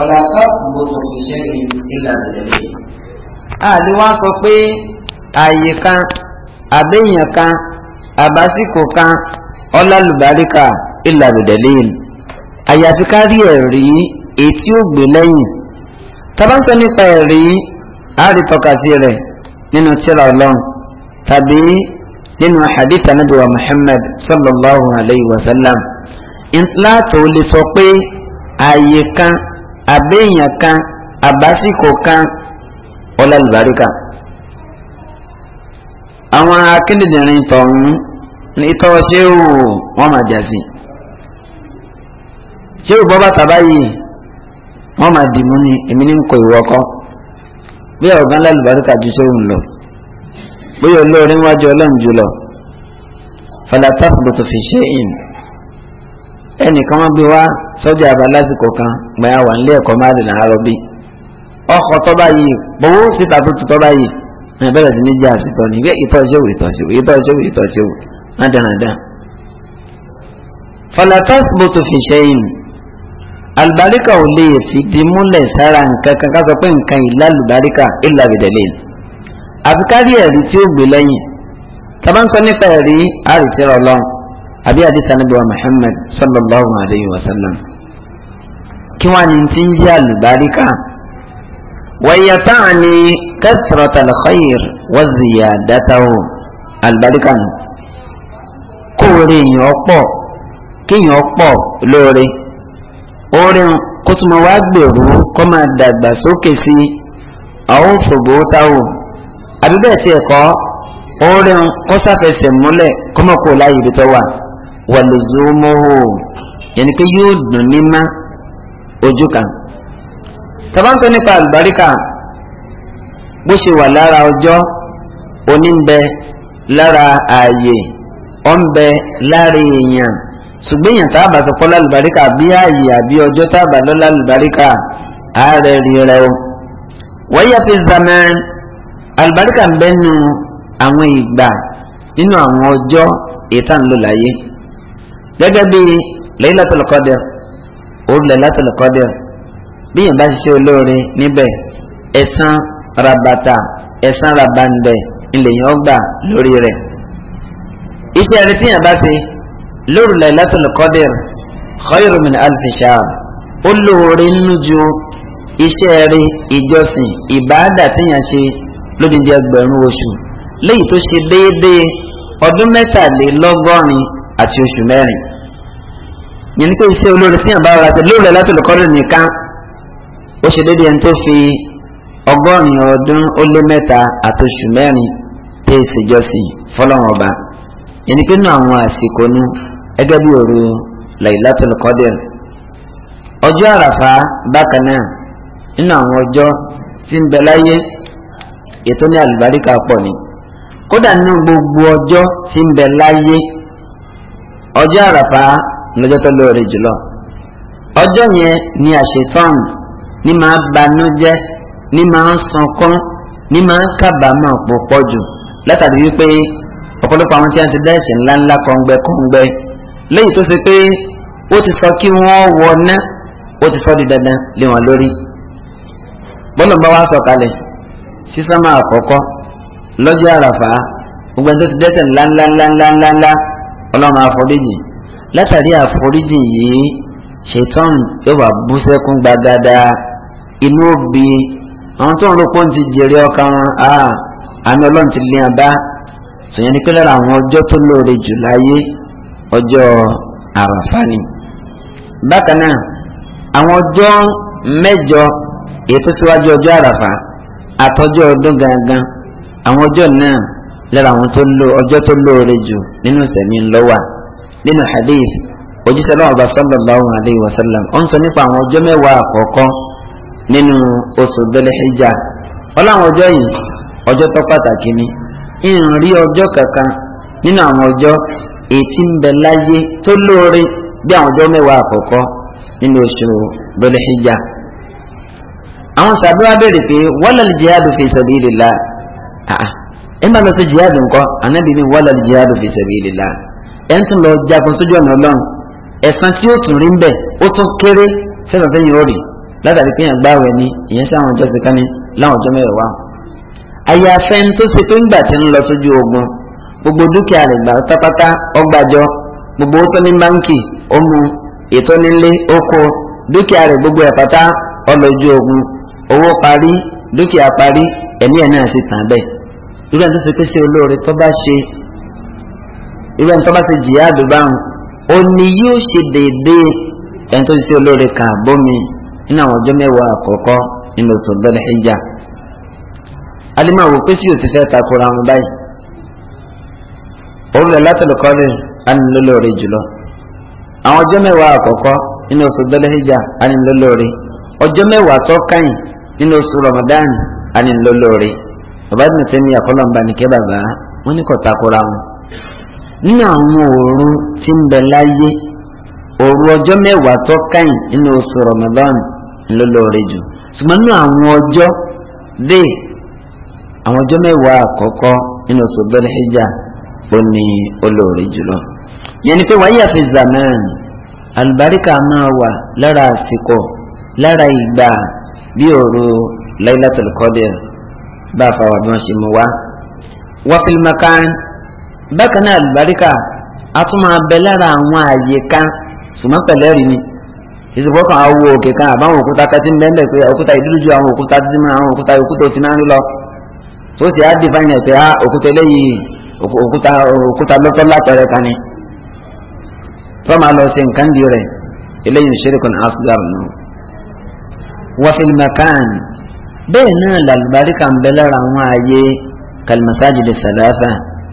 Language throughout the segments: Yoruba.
ọ̀là káàkùn gbogbo ìṣẹ́ ìlà ìdẹ̀lẹ̀. àlè wá sọ pé ààyè kan àbẹ̀yàn kan àbásìkò kan ọlálùbáríkà ìlà ìdẹ̀lẹ̀ àyàfi ká rí ẹ̀rí èyí tí ó gbé lẹ́yìn tabasọ nípa ẹ̀rí àrítọ́kasí rẹ̀ nínú tírà ọlọ́run tàbí nínú hadith anabi wa muhammad sallallahu alayhi wa sallam láti lè sọ pé ààyè kan àbẹ́yàn kan àbásìkò kan ọlọ́lùbáríkà àwọn akédèdìrín tọ̀hún ní tọ́wọ́ ṣéwù wọ́n máa jà sí ṣéwù bọ́ bàtà báyìí wọ́n máa dìmú ni èmi ní kò ìwọ́kọ́ bí ọ̀gán lálùbáríkà ju ṣéwù ń lọ bóyá olóorin wájú ọlọ́run jùlọ fàlàtàfù ló tó fi ṣe é ẹnìkan wọn gbé wá sọ́jà àbá lásìkò kan gbẹ̀yà wà nílé ẹ̀kọ́ márùn àárọ̀ bí ọkọ̀ tọ́ba yìí gbowó síta tó ti tọ́ba yìí náà bẹ̀rẹ̀ sí ní jẹ́ àsìtọ́ ni ìgbẹ́ ìtọ́síwò ìtọ́síwò ìtọ́síwò ìtọ́síwò nádànádà. falatas bótó fi ṣẹ́yìn alùbáríkà ò lè fìdí múlẹ̀ sára nǹkan kan ká sọ pé nǹkan ìlà alùbáríkà ìlà bìdẹ̀lẹ̀ àfikárí ẹ̀rí tí ó gbé lẹ́yìn tàbá ń sọ nípa ẹ̀rí àrùtí ọlọ́run àbí àdìsá nàbí wa Muhammad sallallahu alayhi wa sallam kí wọ́n á ní ti ń jẹ́ àlùbáríkà wọ́yẹ táà ní kẹ́sìrọ̀tàlù khayr wọ́n zìyà dátàwó àlùbáríkà nù kóore èèyàn pọ̀ kéèyàn pọ̀ lóore orin kó tún máa wá gbèrú kó máa dàgbà sókè sí àwọn òṣòbò táwọn àbí tiẹ̀ kọ́ orin kó sáfẹsẹ̀ múlẹ̀ kó máa kó láyé ibi tó wà wàlùzùmùhù yẹnni pé yóò dùn ní má ojú kan tabanko nípa àlùbáríkà bó ṣe wà lára ọjọ́ oníbẹ̀ lára ààyè ọ̀nbẹ lára èèyàn ṣùgbọ́n èèyàn tá a bá sọpọ́ lálùbáríkà bí ààyè àbí ọjọ́ tá lọ lálùbáríkà ààrẹ rí o. wọ́n yẹ fi zàmẹ́ àlùbáríkà ń bẹ́ àwọn ìgbà nínú àwọn ọjọ́ ètà ńlọ gẹ́gẹ́ bí Laylatul Qadr òru Laylatul Qadr bí yẹn bá ṣiṣẹ́ olóore níbẹ̀ ẹ̀san rabata ẹ̀san rabandẹ̀ ilẹ̀ yẹn gbà lórí rẹ̀ iṣẹ́ rẹ̀ tí yẹn bá ṣe lóru Laylatul Qadr khayru min alfi shahr ó lóore nínú ju iṣẹ́ rẹ̀ ìjọsìn ìbáàdà tí yẹn ṣe lódìdí ẹgbẹ̀rún oṣù léyìí tó ṣe déédéé ọdún mẹ́tàlélọ́gọ́rin àti oṣù mẹ́rin yẹn ise olori iṣẹ́ sí àbá ara ṣe lóòrè láti olùkọ́rè nìkan ó ṣe déédéé tó fi ọgọ́rin ọdún ó lé mẹ́ta mẹ́rin tẹ́ ìṣèjọsìn fọlọ́run ọba yẹn ni pé àwọn àsìkò nu ẹgẹ́ bí òru arafa Qadr ọjọ́ àràfà bákan náà nínú àwọn ọjọ́ tí ń bẹ láyé ni kódà nínú gbogbo ọjọ́ tí ń bẹ láyé lọ́jọ́ tó lóore jùlọ ọjọ́ yẹn ni àṣetán ní máa banújẹ́ ní máa sọkán ní máa kábàámọ̀ púpọ̀ jù látàrí wípé ọ̀pọ̀lọpọ̀ àwọn tí wọ́n ti dẹ́ṣẹ̀ ńláńlá kọ̀ǹgbẹ́ kọ̀ǹgbẹ́ lẹ́yìn tó ṣe pé ó ti sọ kí wọ́n wọ ná ó ti sọ di dandan lé wọn lórí bọ́lọ̀mbá wa sọ̀kalẹ̀ sísámà àkọ́kọ́ lọ́jọ́ àràfà gbogbo ẹni tó ti dẹ́ṣẹ̀ ńláńláńláńláńlá ọlọ́run àforíjì látàrí àforíjì yìí ṣètọ́n yóò wá bú sẹ́kún gbagada inú òbí àwọn tó ń ro ti jèrè ọkàn a àmì ọlọ́run ti lé abá sòyìn ní pé lára àwọn ọjọ́ tó lóore jù láyé ọjọ́ àràfà ni. bákan náà àwọn ọjọ́ mẹ́jọ èyí tó síwájú ọjọ́ àràfà àtọ́jọ́ ọdún gangan àwọn ọjọ́ náà lára àwọn ọjọ́ tó lóore jù nínú ìsẹ̀mí ńlọ́wà. nínú hadith òjíṣẹ́ náà bá sallallahu alayhi wa sallam ó ń sọ nípa àwọn ọjọ́ mẹ́wàá àkọ́kọ́ nínú oṣù dhul ọláwọn ọjọ́ yìí ọjọ́ tó pàtàkì ni ń rí ọjọ́ kankan nínú àwọn ọjọ́ ètí ń bẹ láyé tó lóore bí àwọn ọjọ́ mẹ́wàá àkọ́kọ́ nínú oṣù dhul àwọn sàdúrà béèrè pé jihadu fi sabilillah ẹ jihadu fi ẹ̀ ń tún lọ jagun sójú ọ̀nà ọlọ́run ẹ̀san tí ó tún rí ń bẹ̀ ó tún kéré sẹ́sàn sẹ́yìn ó rì látàrí pé yàn gbáwẹ̀ ni ìyẹn sí àwọn ọjọ́ sìkánì láwọn ọjọ́ mẹ́wàá wa. àyàfẹ́ ń tó ṣe pé ńgbà tí ń lọ sójú ogun gbogbo dúkìá rẹ̀ gbà pátápátá ọgbàjọ gbogbo ótó ní báńkì ọmú ètò nílé oko dúkìá rẹ̀ gbogbo ẹ̀ pátá ọlọ́jú ogun owó parí dúkìá parí ẹ̀mí ẹ̀ náà sì tàn bẹ́ẹ̀. irú tó ṣe pé ṣe olóore tó bá ṣe irú ẹni tó bá ṣe jihad bá ń ó ní yóò ṣe déédéé ẹni tó ṣe olóore kà bómi nínú àwọn ọjọ́ mẹ́wàá àkọ́kọ́ nínú oṣù dọ́lẹ̀ ẹ̀jà alimọ̀ wò pé sí òtí fẹ́ takora wọn báyìí òwúrọ̀ látọ̀lẹ̀ kọ́rì anilólóore jùlọ àwọn ọjọ́ mẹ́wàá àkọ́kọ́ nínú oṣù dọ́lẹ̀ ẹ̀jà anilólóore ọjọ́ mẹ́wàá tó kàn nínú oṣù Ramadan anilólóore bàbá mi sẹ́ni àkọlọ́mbà nìkẹ́ bàbá wọn ní kò takora wọn nínú àwọn òru tí ń bẹ láyé òru ọjọ́ mẹ́wàá tó káyìn nínú oṣù Ramadan ló lóore jù ṣùgbọ́n nínú àwọn ọjọ́ dé àwọn ọjọ́ mẹ́wàá àkọ́kọ́ nínú oṣù Dhul-Hijja ó ní olóore jùlọ. yẹn ni pé wáyé àfi zaman àlùbáríkà máa wà lára àsìkò lára ìgbà bí òru Laylatul Qadr bá a fa wà bí wọ́n ṣe mú wá. wàfíìlì bákan náà àlùbáríkà a tún máa bẹ lára àwọn àyè kan ṣùgbọ́n pẹ̀lẹ́rì ni ìṣòfò kan awo òkè kan àbáwọn òkúta kẹtí ń bẹ́ẹ̀ pé òkúta ìdúró ju àwọn òkúta dídí mọ́ àwọn òkúta òkúta òtí náà ń lọ tó sì á dì fáyìn pé ah, òkúta eléyìí òkúta òkúta lọ́tọ́ látọ̀rẹ́ kan ni tó máa lọ sí nǹkan di rẹ̀ eléyìí ṣerékùn asgar nù. wàfíìl makan bẹ́ẹ̀ náà làlùbáríkà ń bẹ lára àwọn àyè kàlùmásájì lè sàdáfà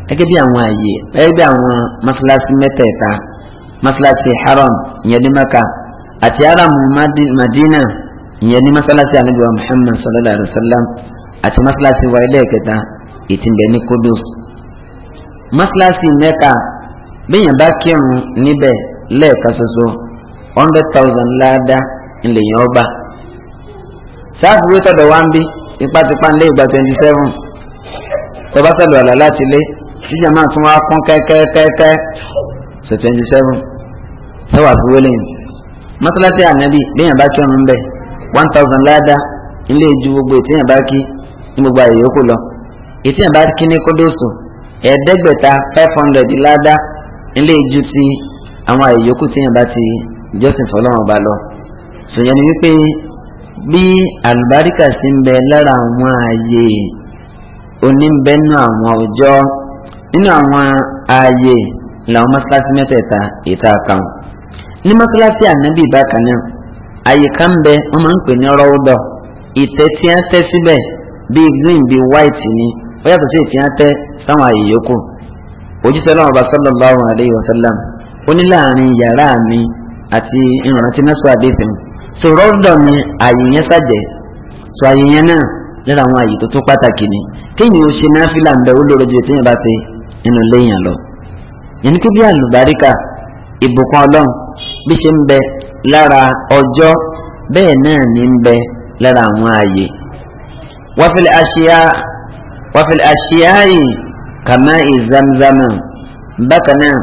gẹ́gẹ́ bí àwọn àyè gẹ́gẹ́ bí àwọn masalasi mẹ́tẹ̀ẹ̀ta masalasi haram ìyẹn ní maka àti haram madina ìyẹn ní masalasi anabi wa muhammad sallallahu alayhi wa sallam àti masalasi wa ilé kẹta ìtìǹbẹ̀ ní kudus masalasi mẹ́ka bíyàn bá kírun níbẹ̀ lẹ́ẹ̀ka ṣoṣo hundred thousand láàdá ńlẹ̀yìn ọgbà sáàfù wíwí tọ̀dọ̀ wá ń bí tipátipá ńlẹ̀ ìgbà twenty seven tọ́ba sọ̀dọ̀ àlá láti lé tí jama tún wá kún kẹ́kẹ́kẹ́kẹ́ so twenty seven sẹ́wà fi wọlé yìí mọ́sálásí ànábì léèyàn bá kí ọ̀run bẹ̀ one thousand láàdá ilé ju gbogbo ètèyàn bá kí ní gbogbo àyè yòókù lọ ètèyàn bá kí ní kódóòsù ẹ̀ẹ́dẹ́gbẹ̀ta five hundred láàdá ilé ju ti àwọn àyè yòókù téèyàn bá ti jọ́sìn fọlọ́wọ́n bá lọ sòyẹn ni wípé bí àlùbáríkà sí ń bẹ lára àwọn àyè oníbẹ́nu àwọn ọjọ́ nínú àwọn ààyè làwọn mọ́sálásí mẹ́tẹ̀ẹ̀ta ìta kan ní mọ́sálásí ànábì bákan náà ààyè kan bẹ wọ́n máa ń pè ní rọ́ọ̀dọ̀ ìtẹ tí a tẹ́ síbẹ̀ bíi green bíi white ni ó yàtọ̀ sí ìtẹ́ a tẹ́ sáwọn ààyè yòókù bá ó ní láàrin yàrá mi àti ìrántí ni ààyè yẹn so ààyè yẹn náà lára àwọn ààyè tó tó pàtàkì ni ṣe ó lóore ju ètò yẹn nínú léèyàn lọ yẹn kí bí àlùbáríkà ìbùkún ọlọ́run bí ṣe ń bẹ lára ọjọ́ bẹ́ẹ̀ náà ní ń bẹ lára àwọn ààyè wafil aṣíá wafil aṣíá yìí kàmá ìzamzama bákan náà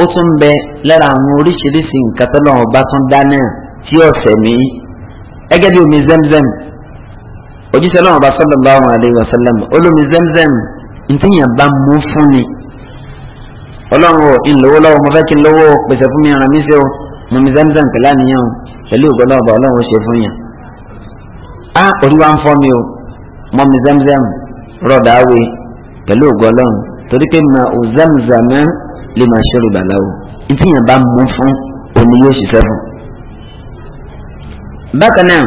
ó tún bẹ lára àwọn oríṣiríṣi nǹkan tó lọ́wọ́ bá tún dá náà tí ọ̀sẹ̀ mi ẹgẹ́ bí omi zamzam ojúṣe lọ́wọ́ bá sallallahu alaihi wasallam olómi zamzam ntíyàn bá mú fún ni ọlọ́run ò ìlówó lọ́wọ́ mo fẹ́ kí n lówó pèsè fún mi ràn mí sí o mo mi zamzam pẹ̀lú àníyàn pẹ̀lú ìgbọ́lọ́ ọba ọlọ́run ó ṣe fún yàn á orí wa ń fọ́ mi o mo mi zamzam rọ̀dà awe pẹ̀lú ìgbọ́lọ́run torí pé mà ò zamzam lè máa ṣe rìbà láwo ntíyàn bá mú fún òní yóò ṣiṣẹ́ fún. bákan náà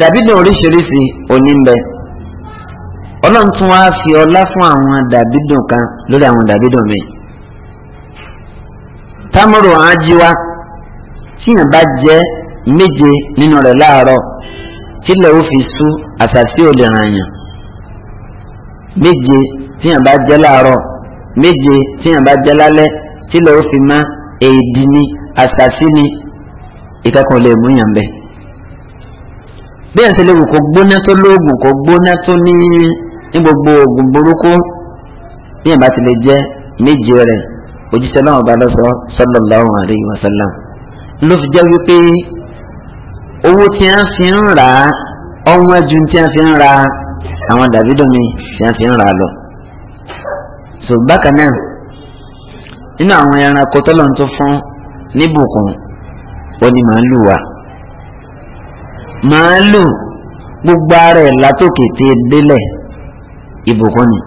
dàbí ní oríṣiríṣi òní ń bẹ́ẹ̀ ọlọ́run tún wá fi ọlá fún àwọn dàbídùn kan lórí àwọn dàbídùn mi támúrò ajíwá tíyàn bá jẹ méje nínú rẹ̀ láàárọ̀ tílẹ̀ ó fi sú àṣàṣì ò lè ràn yàn méje tíyàn bá jẹ láàárọ̀ méje tíyàn bá jẹ lálẹ́ tílẹ̀ ó fi má èdè ni àṣàṣì ni ìkẹ́kọ̀ọ́ lè mú yàn bẹ́ẹ̀ bí ẹ̀sẹ̀ lè wù gbóná tó lóògùn kó gbóná tó ní ní gbogbo oògùn burúkú ní ìbá ti lè jẹ́ méje rẹ̀ òjíṣẹ́ náà bá lọ́sọ sallallahu alaihi wasallam ló fi jẹ́ wípé owó tí a fi ń rà á ọ̀wọ́n ju tí a fi ń ra àwọn dàbídò mi tí a fi ń rà lọ. so bákan náà nínú àwọn ẹranko tọ́lọ̀ tó fún níbùkún ó ní màálù wa màálù gbogbo ara ẹ̀ látòkè tẹ́ délẹ̀ ìbùkún ni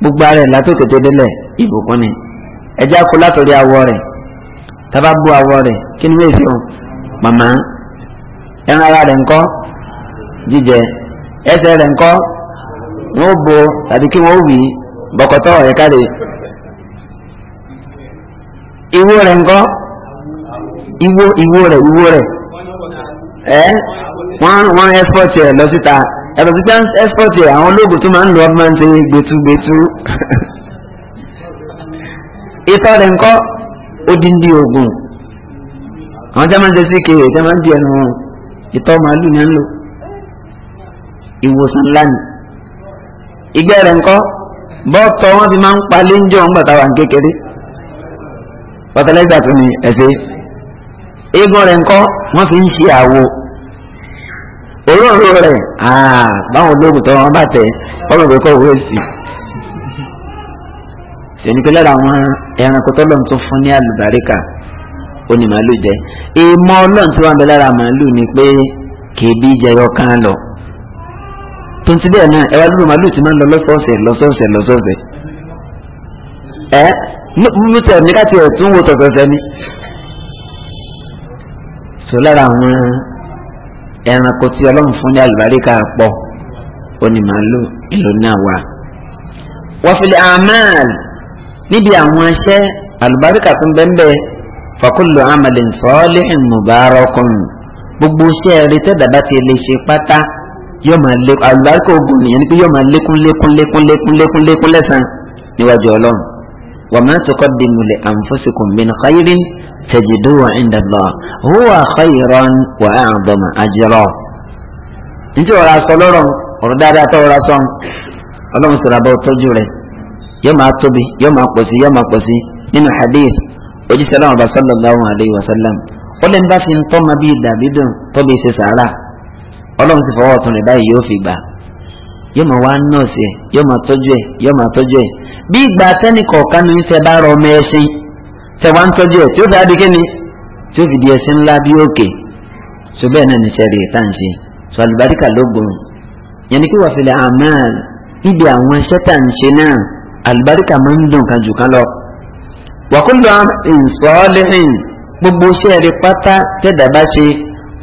gbogbo ara ẹ̀ látòkè tó délẹ̀ ìbùkún ni ẹjẹ́ akó látòrí awọ rẹ̀ tábà bu awọ rẹ̀ kí ni wọ́n ṣe o màmá ẹran ara rẹ̀ ńkọ́ jíjẹ ẹsẹ̀ rẹ̀ ńkọ́ wọ́n bo tàbí kí wọ́n wì bọ̀kọ̀tọ̀ ẹ̀ káre ìwo rẹ̀ ńkọ́ ìwo ìwo rẹ̀ ìwo rẹ̀ ẹ wọ́n wọ́n ẹ́ fọ́ọ̀tì lọ síta yàtọ̀ sí chance export ẹ̀ àwọn olóògùn tó máa ń lọ ọdún máa ń ṣe gbẹtugbẹtu ìtọ́ rẹ̀ ńkọ́ odindi oògùn àwọn tí a máa ń ṣe sí kéré tí a máa ń di ẹnu ìtọ́ màálù ni a ń lò ìwòsàn ńlá ni ìgbẹ́ rẹ̀ ńkọ́ bọ́ọ̀tọ̀ wọn fi máa ń palé ń jọ ń kékeré fertilizer tó ní ẹ̀fẹ́ eégún rẹ̀ ńkọ́ wọ́n fi ń ṣe àwo òróró rẹ̀ ah, báwọn olóògùn tó wọn bá tẹ̀ ọmọ ìwé kọ́ òwe sí. tẹ̀lifẹ̀ lára àwọn ẹranko tó lọ́n tún fún ní àlùbáríkà ó jẹ ìmọ̀ ọlọ́run tí wọ́n bẹ lára màálù ni pé kèbí jẹyọ kan lọ tó ń ti bẹ́ẹ̀ náà ẹwà lóru màálù ti máa ń lọ lọ́sọ̀ọ̀sẹ̀ lọ́sọ̀ọ̀sẹ̀ lọ́sọ̀ọ̀sẹ̀ ẹ mímú ní káti ẹ̀ tún wo tọ̀sọ̀ọ̀sẹ̀ ni. sọ lára àwọn ẹranko tí ọlọ́run fún ní àlùbáríkà pọ̀ òní màálù ìlú náà wà. wọ́fìlẹ̀ amal níbi àwọn iṣẹ́ àlùbáríkà tó ń bẹ́ńbẹ́ fàkúlù amalin sọ́ọ́lìhìn mubarakun gbogbo iṣẹ́ rí tẹ́dàbá ti lè ṣe pátá yóò máa lékún àlùbáríkà ogun nìyẹn ni pé yóò máa lékún lékún lékún lékún lékún lẹ́sàn-án níwájú ọlọ́run. وما تقدموا لأنفسكم من خير تجدوه عند الله هو خيرا وأعظم أجرا انتو ولا صلورون وردادا توراسون اللهم صلى الله عليه yóò máa tóbi yóò máa pọ̀sí yóò máa pọ̀sí nínú hadith ojúṣe aláwọ̀ bá sallallahu alayhi wa sallam ó lè ń bá fi ń tọ́mọ bíi dàbí dùn tóbi ṣe sàárà ọlọ́run ti fọwọ́ ọ̀tún rẹ̀ báyìí yóò fi gbà yóò máa wá nọ́ọ̀sì ẹ̀ yóò máa tọ́jú ẹ̀ yóò máa tọ́jú ẹ̀ bí ìgbà tẹ́nì kọ̀ọ̀kan ní tẹ bá rọ ọmọ ẹṣin tẹ wá ń tọ́jú ẹ̀ tí ó fi adé kíni tí ó fi di ẹṣin ńlá bí òkè so bẹ́ẹ̀ náà níṣẹ́ rè tá à ń ṣe so àlùbáríkà ló yẹn ni kí wàá fìlẹ̀ amal níbi àwọn iṣẹ́ tá à ń ṣe náà àlùbáríkà máa ń dùn kan jù kan lọ. wàkúndùn àmín sọ́ọ́lẹ́hìn gbogbo iṣẹ́ rẹ pátá tẹ́dà bá ṣe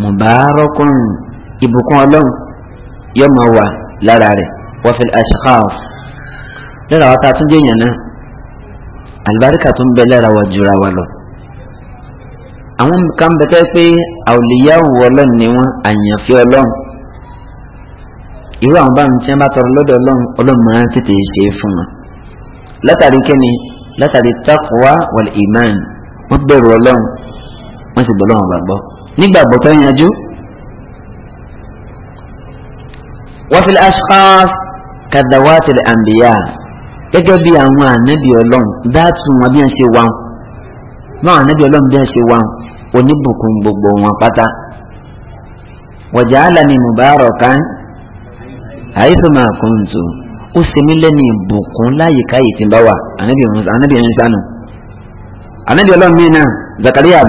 mubarakun ìbùkún ọlọ́run yóò wà lára rẹ̀ wàá fìlẹ̀ ashkhaf lára wa ta tún jẹ́yàn náà àlùbáríkà tún bẹ lára wa jura wa lọ. àwọn kan bẹ tẹ́ pé àwòlíyá òwò ọlọ́run ni wọ́n àyànfẹ́ ọlọ́run irú àwọn báwọn tí wọ́n bá tọrọ lọ́dọ̀ ọlọ́run ọlọ́run máa ń tètè ṣe é fún wọn. látàrí kẹ́ni látàrí taqwa wal iman wọ́n bẹ̀rù ọlọ́run wọ́n sì bọ̀ lọ́wọ́n gbàgbọ́ nígbàgbọ́ tó yanjú. wa fil ashkhas kadawati al-anbiya gẹ́gẹ́ bí àwọn ànábì ọlọ́run dáàtú wọn bí wọ́n ṣe wà wọn náà ànábì ọlọ́run bí wọ́n ṣe wà wọn oníbùkún gbogbo wọn pátá. wọ̀jà alani mubarakan àìsùnmọ̀ àkóńtò ó ṣe mí lẹ́ni ìbùkún láyìíká yìí ti bá wà ànábì ọ̀hún sánú. ànábì ọlọ́run mi náà Zakariya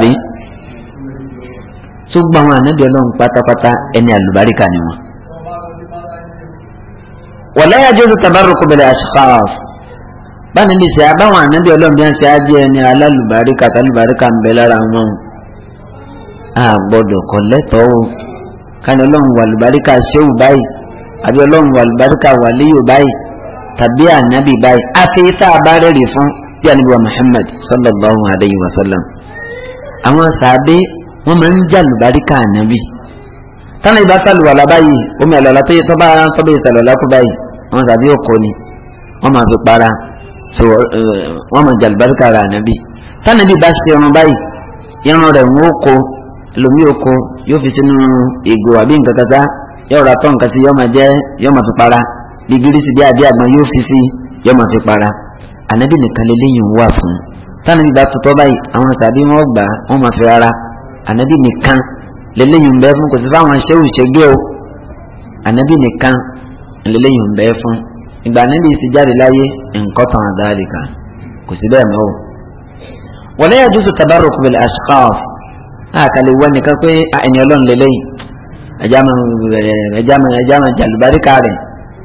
tó gba àwọn ànábì ọlọ́run pátápátá ẹni àlùbáríkà ni wọn. wọ́n lẹ́yà jésù tabarukú báni bí sẹ́ abáwọn ànábì ọlọ́run yẹn ṣe á jẹ́ ẹni alálùbáríkà tálùbáríkà ń bẹ lára wọn a gbọ́dọ̀ kọ́ lẹ́tọ̀ọ́ o káni ọlọ́run wà lùbáríkà ṣéwù báyìí àbí ọlọ́run wà lùbáríkà wà léyò báyìí tàbí ànábì báyìí àfi tá a bá rẹ́rì fún bí ànábì wa Muhammad sallallahu alayhi wa sallam àwọn sàbẹ wọn máa ń jà lùbáríkà ànábì tánà ìbá sàlùwàlà báyìí omi àlọ́lá so uh, wọ́n mọ̀ jàlùbáríkà rà nabi tánàbí bá ṣe irun báyìí irun rẹ̀ ń kó lomi oko yóò fi sínú ìgò àbí nǹkan kata yóò ra tọ́ nǹkan sí yóò máa jẹ́ yóò máa fi para bí gírísì bí adé àgbọn yóò fi sí yóò máa fi para ànábì nìkan lélẹ́yìn wà fún tánàbí bá tutọ́ báyìí àwọn tàbí wọn gbà wọn máa fi rárá ànábì nìkan lélẹ́yìn bẹ́ẹ̀ fún kò sí fáwọn ṣéwù ṣègbè o ànábì nìkan lélẹ́yìn bẹ́ẹ̀ fún ìgbà níbi ìsìjáde láyé nǹkan tán àdáríkà kò sí bẹ́ẹ̀ mọ́ o. wọ́n lẹ́yìn àdúsù tabaruk bil ashqaf àkàlẹ̀ wọ́n nìkan pé ẹni ọlọ́run lélẹ́yìn ẹja máa jàlùbáríkà rẹ̀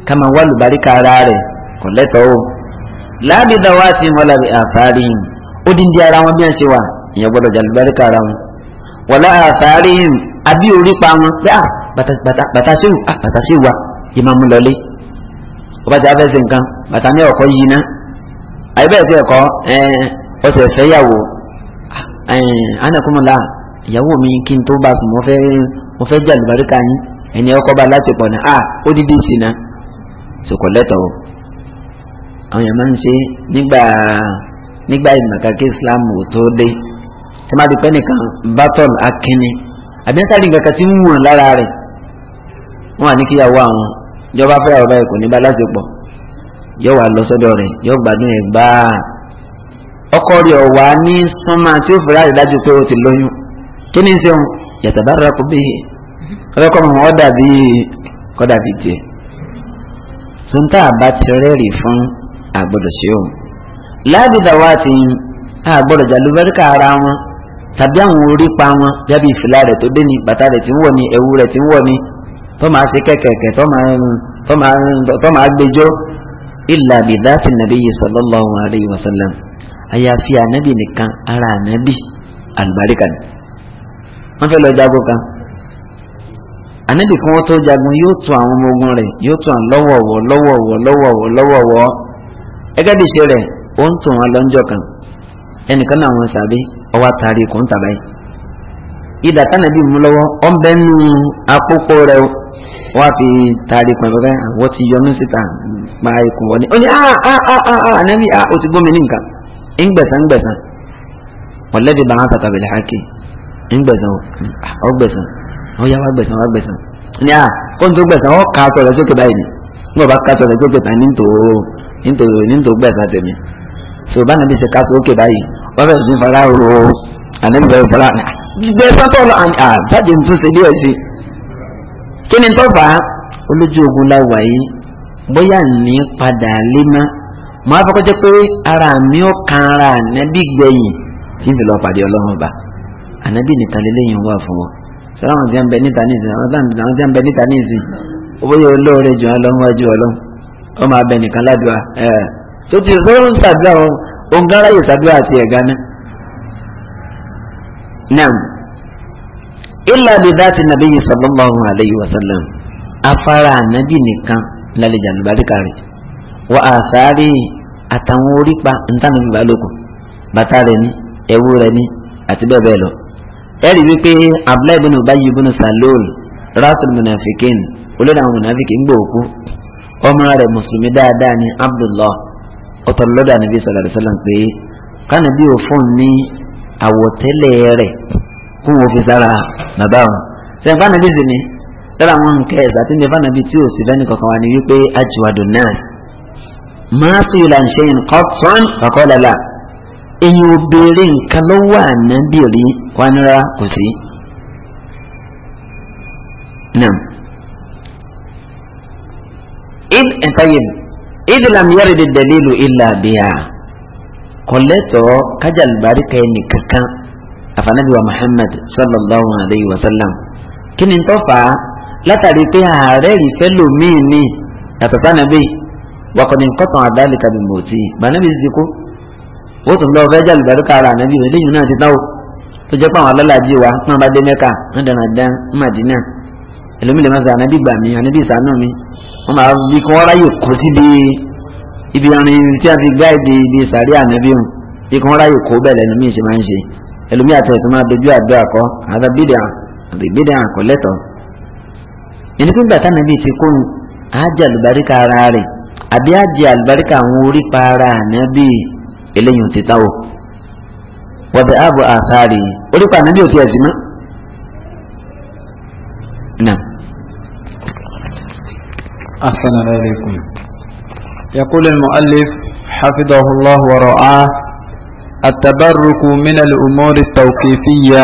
ká máa wá lùbáríkà ara rẹ̀ kò lẹ́tọ̀ọ́ o. láàbì dáwà sí wọn àfáàrí yìí ó dín di ara wọn bí wọ́n ṣe wà ìyẹn gbọ́dọ̀ jàlùbáríkà ara wọn. wọ́n àfáàrí yìí àbí orí pa wọn pé bàtà sí wa ìmáàmù lọlé ọba tí a fẹ́ ṣe nǹkan bàtà ní ọkọ yìí ná àyè bẹ́ẹ̀ tí ẹ̀kọ́ ọsẹ̀ fẹ́ yàwó anakunmọ̀lá ah, ìyàwó mi kí n tó bá sùn mo fẹ́ mo fẹ́ jà yín ẹni ọkọ bá láti pọ̀ náà ah ó dídí sí na sòkò lẹ́tọ̀ o àwọn èèyàn máa ń ṣe nígbà nígbà ìmọ̀kàkí Islam ò tó dé tí má ti pẹ́ nìkan bátọ̀l akínni àbí ń sáré nǹkan kan ti ń wùn lára rẹ̀ wọ́n wà ní kíyàwó àwọn ìjọba fẹ́ ọ̀rọ̀ báyìí kò ní bá lásìpọ̀ yóò wà lọ sọ́dọ̀ rẹ̀ yóò gbádùn ẹ̀ gbáà ọkọ rẹ̀ ọ̀wá ní sánmà tí ó fẹ́rẹ́ àrídájú pé ó ti lóyún kí ni ṣe ń yàtọ̀ bá rẹ̀ kó bíi ọlọ́kọ̀ mọ̀ ọ́ dàbí kọ́ dàbí tiẹ̀ sọ́ńtà bá ti rẹ́rì fún àgbọ̀dọ̀ sí òun láàbì dàwa ti àgbọ̀dọ̀ jàlúbáríkà ara wọn tàbí àwọn orí pa wọn jábì tó máa ṣe kẹ̀kẹ̀kẹ̀ tó máa gbẹjọ́ illa bi dhati nabiyyi sallallahu alayhi wa sallam àyàfi ànábì nìkan ara ànábì àlùbáríkà ni wọ́n fẹ́ lọ jagun kan ànábì kan wọ́n tó jagun yóò tún àwọn ọmọ ogun rẹ̀ yóò tún àwọn lọ́wọ̀ọ̀wọ̀ lọ́wọ̀ọ̀wọ̀ lọ́wọ̀ọ̀wọ̀ lọ́wọ̀ọ̀wọ̀ ẹgẹ́ bí ṣe rẹ̀ ó ń tún wọn lọ́njọ́ kan ẹnìkan náà wọn sàbí ọwọ́ àtàrí kò tàbáyé ìdàtà nàbí mú lọ́wọ́ ọ̀ bẹ́ẹ̀ nù àpòpọ̀ rẹ̀ o wọ́n á fi taari pẹ̀lú rẹ̀ àwọn ah, ti yọ mí síta máa ikú wọlé ó ní a a a a a anabi a o ti gbómi ní nǹkan ńgbẹ̀sán ńgbẹ̀sán ọ̀lẹ́dẹ̀ bàá tàkà bẹ̀lẹ̀ hákì ńgbẹ̀sán ọ ah, gbẹ̀sán ọ yá wá gbẹ̀sán wá gbẹ̀sán ní a ah, kó n tó gbẹ̀sán ọ kà á sọ rẹ̀ sókè báyìí ní wọ́n bá kà á sọ rẹ̀ sókè tán ní tó ní tó gbẹ̀sán tẹ̀mí so báyìí wọ́n fẹ́ẹ́ kí ni tó olójú ogun la yìí bóyá ní padà ara mi ò kan ara ànábì gbẹ̀yìn tí n fi pàdé ọlọ́run bá ànábì níta lélẹ́yìn wà fún wọn sọ́dọ̀ àwọn ń bẹ níta ní ìsìn àwọn ń bẹ níta ní ìsìn olóore jù wọn ju ọlọ́run illa bi dhati nabiyyi sallallahu alayhi wa sallam afárá ànábì nìkan lálẹ́ jàǹdùbáríkà rẹ̀ wà á sáré àtàwọn orípa ntànà bíbá lókun bàtà rẹ̀ ni ẹ̀wù rẹ̀ ni àti bẹ́ẹ̀ bẹ́ẹ̀ lọ. ẹ rí wípé abdullahi bin ubayi bin salol rasul munafikin olórí àwọn munafiki ń gbò òkú ọmọ rẹ̀ mùsùlùmí ni abdullah ọ̀tọ̀ lọ́dọ̀ ànábì sallallahu alayhi wa sallam pé kánàbí òfun ní àwọ̀tẹ́lẹ̀ rẹ̀ fún òfin sára bàbá wọn sẹ́ńfà nàbí sì ni lára àwọn nǹkan ẹ̀sà tí ní fànàbí tí ò sí fẹ́ni kankan wà ní wípé ajiwadu nas máa sì là ń ṣe nǹkan tán kọ́kọ́lẹ́lá èyí ò béèrè nǹkan lọ́wọ́ ànábì rí wánira kò sí. id ẹ̀fẹ́yìn id lam yẹ́rìndínlẹ́lẹ́lù ilà bíyà kọ̀lẹ́tọ̀ kájàlùbáríkà ẹnì kankan àfànàbíwá Muhammad sallallahu alayhi wa sallam kí ni tó fà á látàrí pé ààrẹ ìfẹ́ lòmíì ní yàtọ̀ sànàbí wakọ̀dì nkọ́tàn àdáàlì kàbí mòtì bànàbí ti kú ó tún lọ́ọ́ fẹ́ jà lùbáríkà ara ànábì rẹ̀ lẹ́yìn náà ti náwó tó jẹ́ pé àwọn alálàájì wa náà bá dé mẹ́ka ńdàdàn Mádínà ẹlòmílẹ̀ máa sọ ànábì gbà mí ànábì ṣàánú mi wọ́n máa bí kí wọ́n ráyè kó síbi ibi irin tí a fi gáàdì ibi sàrí ànábì hàn bí kí wọ́n ráyè kó bẹ̀rẹ̀ ẹlòmíì ẹlòmí àtẹ̀sùn máa dojú àdó àkọ àdá bídà àbí bídà àkọ lẹ́tọ̀ ẹni pé gbàtà nàbí ti kún ájẹ àlùbáríkà ara rẹ̀ àbí ájẹ àlùbáríkà àwọn orí pa ara ànábì eléyìí ti táwò wọ́bẹ̀ ààbò àtàrí orí pa ànábì òtí ẹ̀sìn mọ́. Assalamu alaikum. Yaqulu al-mu'allif hafidhahu Allah التبرك من الأمور التوقيفية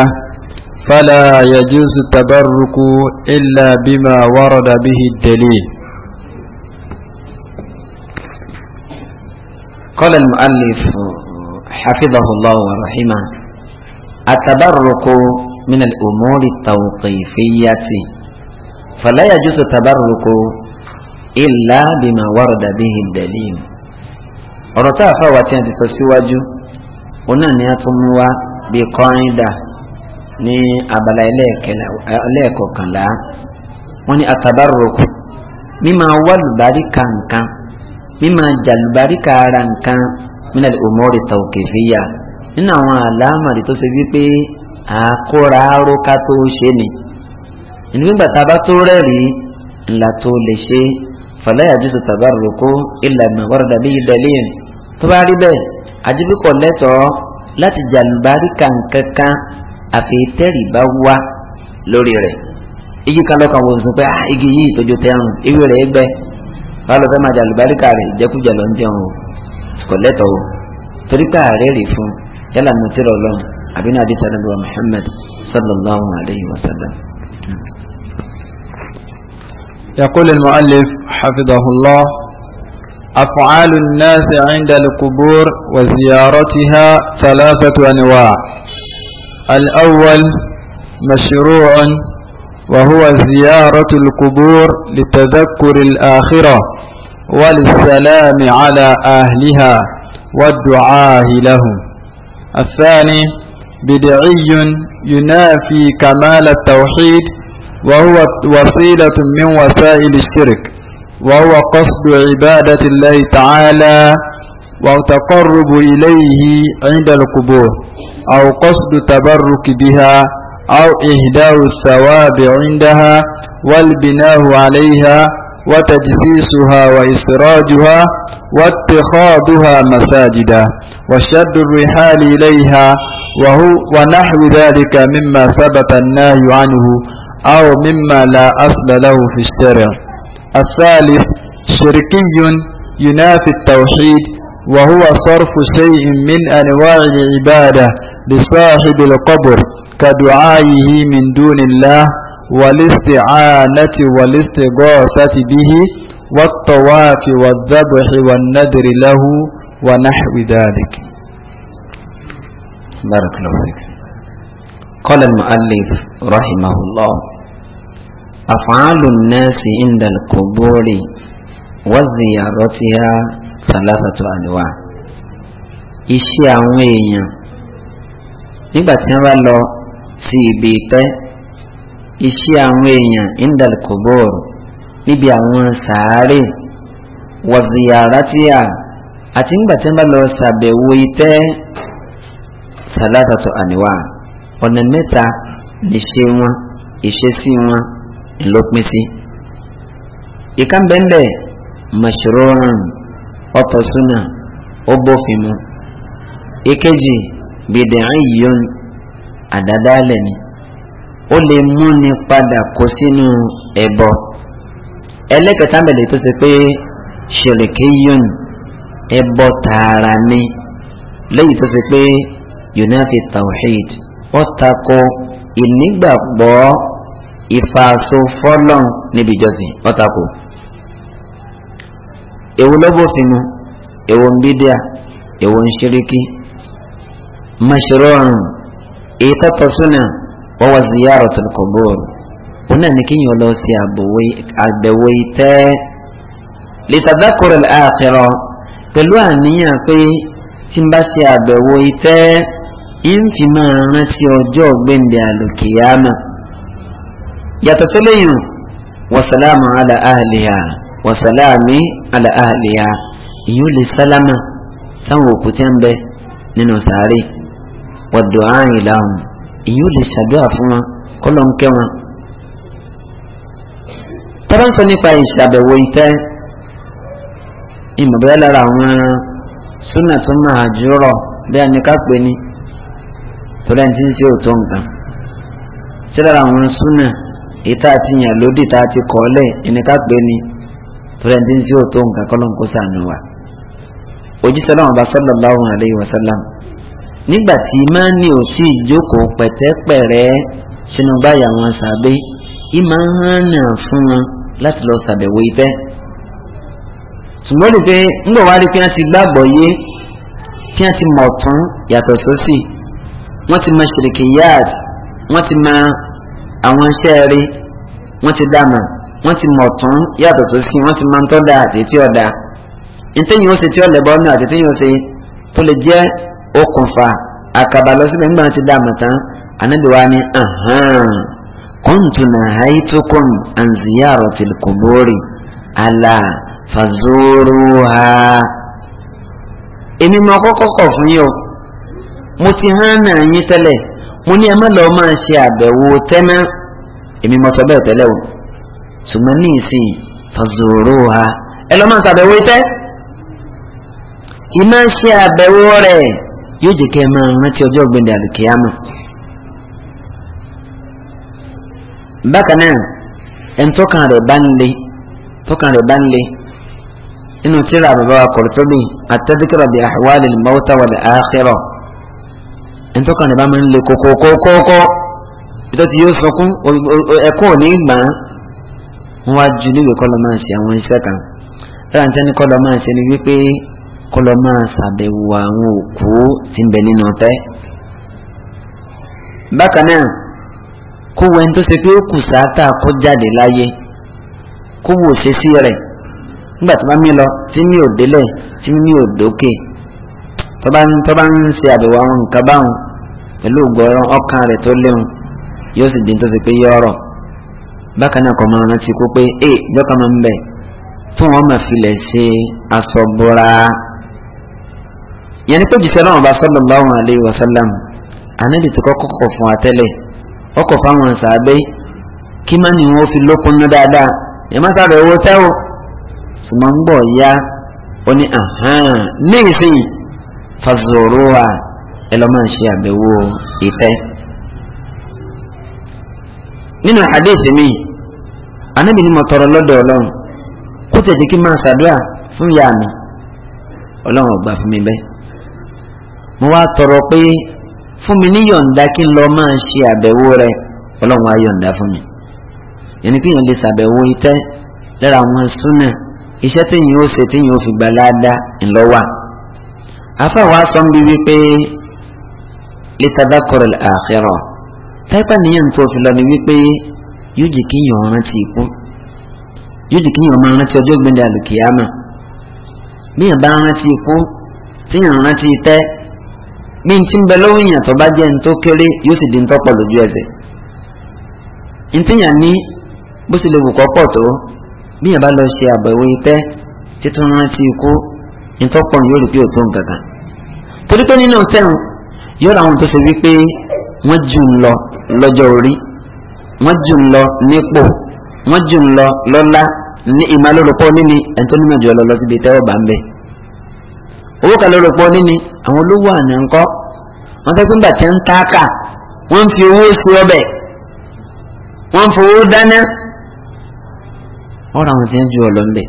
فلا يجوز التبرك إلا بما ورد به الدليل قال المؤلف حفظه الله ورحمه التبرك من الأمور التوقيفية فلا يجوز التبرك إلا بما ورد به الدليل ورطاء فواتين a fáwọn òun náà ni a tún mú wá bíi kọ́ńdà ní abala ẹlẹ́ẹ̀kọ̀kànlá wọ́n ní atabarruku mímọ wàlùbáríkà nǹkan mímọ jàlùbáríkà ara nǹkan min al-umuri tawqifiyya nínú àwọn àlámàrí tó ṣe wípé àkóra aróka tó ṣe ni nígbà tá a bá tó rẹ́rìí ńlá tó lè ṣe fala yajuzu tabarruku illa ma warada bihi dalil tó bá rí bẹ́ẹ̀ àti bí kò lẹ́tọ̀ọ́ láti jàǹbáríkà kankan àfi tẹ́rì bá wá lórí rẹ̀ igi kan lọ́kàn wò sùn pé ah igi yìí ìtọ́jú tẹ́rùn ewé rẹ̀ gbẹ wà lọ́ fẹ́ máa jàǹbáríkà rẹ̀ ìjẹkújẹ ló ń tẹ̀rùn o kò lẹ́tọ̀ọ́ torí pé ààrẹ rè fún yálà mi ti rọ̀ lọ́nà àbí náà adìsẹ́ nàbẹ̀wá sallallahu alayhi wa sallam. يقول المؤلف حفظه الله أفعال الناس عند القبور وزيارتها ثلاثة أنواع الأول مشروع وهو زيارة القبور لتذكر الآخرة وللسلام على أهلها والدعاء لهم الثاني بدعي ينافي كمال التوحيد وهو وسيلة من وسائل الشرك وهو قصد عبادة الله تعالى وتقرب إليه عند القبور أو قصد تبرك بها أو إهداء الثواب عندها والبناء عليها وتجسيسها وإسراجها واتخاذها مساجدا وشد الرحال إليها وهو ونحو ذلك مما ثبت النهي عنه أو مما لا أصل له في الشرع الثالث شركي ينافي التوحيد وهو صرف شيء من أنواع العبادة لصاحب القبر كدعائه من دون الله والاستعانة والاستغاثة به والطواف والذبح والنذر له ونحو ذلك بارك الله فيك قال المؤلف رحمه الله أفعال الناس عند القبور وزيارتها ثلاثة أنواع إشياء وين èèyàn nígbà tí wọ́n bá lọ sí ibi ìtẹ́ iṣẹ́ àwọn èèyàn indal kubur níbi àwọn sàárè waziyaratiha àti nígbà tí wọ́n bá lọ sàbẹ̀wò ìtẹ́ salatatu àníwá ọ̀nà mẹ́ta níṣẹ́ wọn ìṣesí wọn ńlọpin sí. ìkànnbẹ́ńbẹ́ mọ̀ṣúrọ́rùn ọ̀tọ̀súnà ó bófin mu. ìkejì bìdẹ̀rín yìí àdádálẹ̀ ni ó lè múni padà kó sínú ẹ̀bọ. ẹlẹ́kẹ̀ta mẹ́lẹ̀ tó ṣe pé ṣèlèké yìí ẹ̀bọ tààrà ni lẹ́yìn tó ṣe pé yunafi tawhid ó takò ìnígbàgbọ́. ìfàṣọ fọlọ́n níbi ìjọsìn ọ̀tàkù. èwo ewu bófin mu èwo ń bídíà èwo wọ́n wá ziyaratul qubur òun náà ní kíyàn lọ sí àbẹ̀wò ìtẹ́ litadhakur al pẹ̀lú àníyàn pé tí n bá ṣe àbẹ̀wò ìtẹ́ ń rántí ọjọ́ yàtọ̀ sílẹ̀yìn wasalamu ala ahliya wasalami ala ahliya ìyún lè sálámà sáwọn òkú tí ń bẹ nínú sàárè wàdùn ààyìn làwọn ìyún lè ṣàdúrà fún wọn kọlọ̀ ń kẹ́ wọn. tọ́lá ń sọ nípa ìṣàbẹ̀wò ìtẹ́ ìmọ̀bẹ́ lára àwọn súnà tó máa jùrọ̀ bẹ́ẹ̀ ni ká pè ní tọ́lá ń òótọ́ nǹkan sí àwọn súnà ìta ti yàn lódì tá a ti kọ́ lẹ̀ ẹnìká pé ni tùrẹ̀ǹtì ń sí òtó nǹkan kọ́ ló ń kó sànù wa. òjíṣẹ́ náà bá sallallahu alayhi wa sallam nígbà tí imáni ò sí ìjókòó pẹ̀tẹ́pẹ̀rẹ́ sínú báyà wọn sàbẹ̀ ìmọ̀ hàn náà fún wọn láti lọ sàbẹ̀wò ìfẹ́. ṣùgbọ́n rí pé ńgbọ̀ wá rí pé wọ́n ti gbàgbọ́ yé kí wọ́n ti mọ̀ tún yàtọ̀ sósì wọ́n ti mọ àwọn iṣẹ́ rí wọ́n ti dàmà wọ́n ti mọ̀ tún yàtọ̀ tó sí wọ́n ti máa ń tọ́ da àti tí ọ̀dà ntẹ́yìn ó ṣe tí ọ̀lẹ́bọ̀ náà àti tẹ́yìn ó ṣe tó lè jẹ́ okùnfà àkàbà lọ́sílẹ̀ nígbà wọn ti dàmà tán ànábìwá ni kóńtù náà haitukum anziyaro tilkubori ala fazoruha èmi mọ kọ́kọ́ kọ̀ fún yín o mo ti hàn náà yín tẹ́lẹ̀ mo ní lọ máa ṣe àbẹ̀wò emi èmi mo sọ bẹ́ẹ̀ o ní ìsìn ha ẹ lọ́ máa ṣàbẹ̀wò itẹ́ ìmá ṣe àbẹ̀wò rẹ̀ yóò jẹ́ kẹ́ ẹ máa rántí ọjọ́ gbẹ̀dẹ̀ àlùkìyàmù. bákan náà ẹni tọ́kàn bá ń le tọ́kàn rẹ̀ bá ń le inú tíra bàbá wa ntọ́ka ní bá máa ń le kókókókókó ìtọ́ ti yóò sọkún ẹ̀kọ́ ò ní gbà á wọ́n wá ju níwèé kọ́ máa ṣe àwọn iṣẹ́ kan lára ń tẹ́ni kọ́ máa ṣe ni wípé kọ́ lọ máa ṣàbẹ̀wò àwọn òkú tí ń bẹ nínú ọ̀tẹ́. bákan náà kó wọ ẹni tó ṣe pé ó kù sáátà kó jáde láyé kó wò ṣe sí rẹ̀ nígbà tí wọ́n mi lọ tí mi ò délẹ̀ tí mi ò dókè tọ́ba ń tọ́ba ń ṣe àbẹ̀wò àwọn nǹkan báwọn pẹ̀lú ògbọ́rọ̀ ọkàn rẹ̀ tó léwu yóò sì di tó ti pé yọ̀rọ̀ bákan náà kọ́ máa rántí kó pé ee jọ́ka máa ń bẹ̀ tó wọ́n máa filẹ̀ ṣe asọ̀bọ̀ra. yẹn ní pé jìṣẹ́ náà bá sallallahu alaihi wasallam ànábì tó kọ́kọ́ kọ̀ fún atẹ́lẹ̀ ọkọ̀ fáwọn sàábẹ́ kí má ní wọ́n fi lókun ná dáadáa yẹn má sáré owó tẹ́wọ̀ ṣùgbọ́n ń bọ̀ ya ó ní àhán ní ìsinyìí fazoroa ẹ lọ máa ṣe àbẹ̀wò ìfẹ́. nínú hadith mi anábì ni mo tọrọ lọ́dọ̀ ọlọ́run kó tẹ̀sí kí n máa ṣàdúrà fún ìyá mi ọlọ́run ọgbà fún mi bẹ́ẹ̀. mo wá tọrọ pé fún mi ní yọ̀ǹda kí n lọ máa ṣe àbẹ̀wò rẹ ọlọ́run wá yọ̀ǹda fún mi. yẹn ni pé yẹn lè ṣàbẹ̀wò ìtẹ́ lára àwọn súnà iṣẹ́ tí yìí ó ṣe tí yìí ó fi gbà láàdá ńlọ́wà afáwa sọ ń bí wípé litadakoro àkẹrọ táìpà nìyẹn tó fi lọ ni wípé yóò jì kíyàn rántí ikú yóò jì kíyàn máa rántí ọjọ́ gbẹ̀ndẹ̀ àlùkìyàmà bíyàn bá rántí ikú tíyàn rántí tẹ́ bí n ti ń bẹ lọ́wọ́ èèyàn tó bá jẹ́ n tó kéré yóò sì di n tọ́pọ̀ lójú ẹsẹ̀ n tíyàn bó sì lè wù kọ́ pọ̀ tó bíyàn bá lọ ṣe àbẹ̀wò tẹ́ títún rántí ikú n tọ́pọ̀ yóò rí pé òtún kankan torí pé nínú sẹ́wọ̀n yóò ra àwọn tó ṣe wípé wọ́n jù ń lọ lọ́jọ́ orí wọ́n jù ń lọ nípò wọ́n jù ń lọ lọ́lá ní ìmọ̀lórúkọ níní ẹni tó nímọ̀ jù ọ lọ lọ síbi tẹ́wọ̀ bá ń bẹ̀. owó kan lórúkọ níní àwọn olówó àná ń wọ́n fẹ́ gbígbà tí ń táàkà wọ́n fi owó sí ọbẹ̀ wọ́n ń fowó dáná wọ́n ra àwọn tí ń jù ọ lọ ń bẹ̀.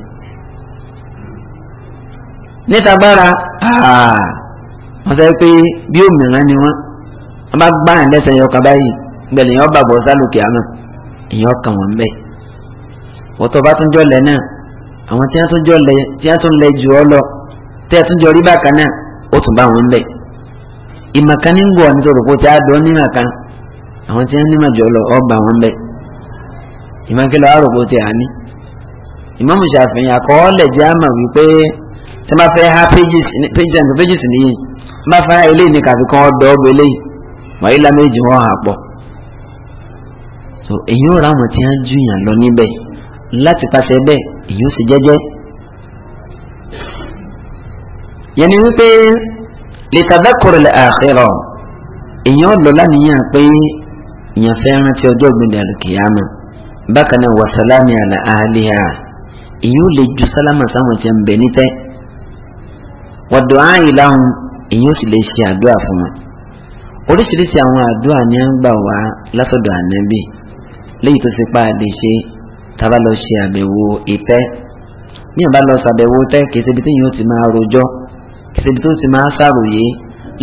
níta gbára aaa. wọ́n sọ pé bí òmìnira ni wọ́n wọ́n bá gbá àyàn lẹ́sẹ̀ yọ kaba yìí gbẹ̀lẹ̀ yọ bàbọ̀ sálùkì àmà èyàn kàn wọ́n bẹ́ẹ̀ wọ́tọ̀ bá tún jọ lẹ̀ náà àwọn tí a tún lẹ̀ jù lọ tí tún jọ rí bàkà náà ó tún bá wọn bẹ́ẹ̀ ń nítorí kò tí a dọ̀ àwọn tí nímọ̀ ọ wọn bẹ́ẹ̀ tí a ní tí wọ́n fẹ́ ha pages pages and pages ni wọ́n bá fẹ́ ha eléyìí ní kàfi kan ọ̀dọ́ ọgbẹ́ eléyìí wọ́n ilá méjì wọ́n hà pọ̀ so èyí ò ráwọn tí wọ́n ju yàn lọ níbẹ̀ láti pàṣẹ bẹ́ẹ̀ èyí ò sì jẹ́jẹ́ yẹn ni wípé lè tàdákùrù lè àkérò èyí ò lọ lánìyàn pé èyàn fẹ́ rántí ọjọ́ gbẹ̀dẹ̀ àlùkìyàmù bákan náà wà sálámì àlà àhàlìyà èyí ò lè ju sálámà sáwọn tí wọ́n bẹ̀ nítẹ́ wọ̀dọ̀ ààyè láhùn èyí ò sì lè ṣe àdúrà fún wọn oríṣiríṣi àwọn àdúrà ni à ń gbà wá látọ̀dọ̀ ànábì léyìí tó ṣe pa àdè ṣe tábà lọ ṣe àbẹ̀wò ìtẹ́ ní ìbá lọ ṣàbẹ̀wò tẹ́ kìí ṣe ibi tí yìí ó ti máa rojọ́ kìí ṣe ibi tó ti máa ṣàròyé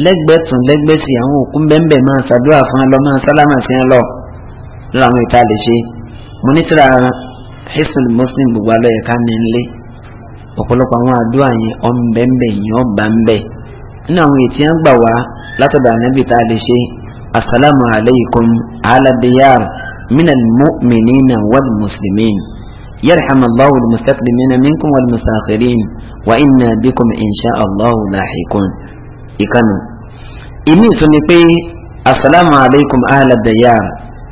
lẹ́gbẹ̀tún lẹ́gbẹ̀sì àwọn òkú bẹ́ẹ̀nbẹ́ máa ṣàdúrà fún ọlọ́ máa sálámà sí ẹ lọ lọ́la àwọn ìta lè ṣe mo ní tíra Hisnul Muslim gbogbo alọ́ yẹ ká ní nlé ọ̀pọ̀lọpọ̀ àwọn àdúrà yẹn ọ̀nbẹ̀nbẹ̀ yẹn ọ̀bà ń bẹ̀ nínú àwọn ètí yẹn gbà wá látọ̀dọ̀ ànábì tá a lè ṣe asalaamu alaykum aladiyar minal mu'minina wal muslimin yarham allahu almustaqdimina minkum wal musakhirin wa inna bikum insha allahu lahiqun ìkànnì. ìmí ìsún ni pé asalaamu alaykum aladiyar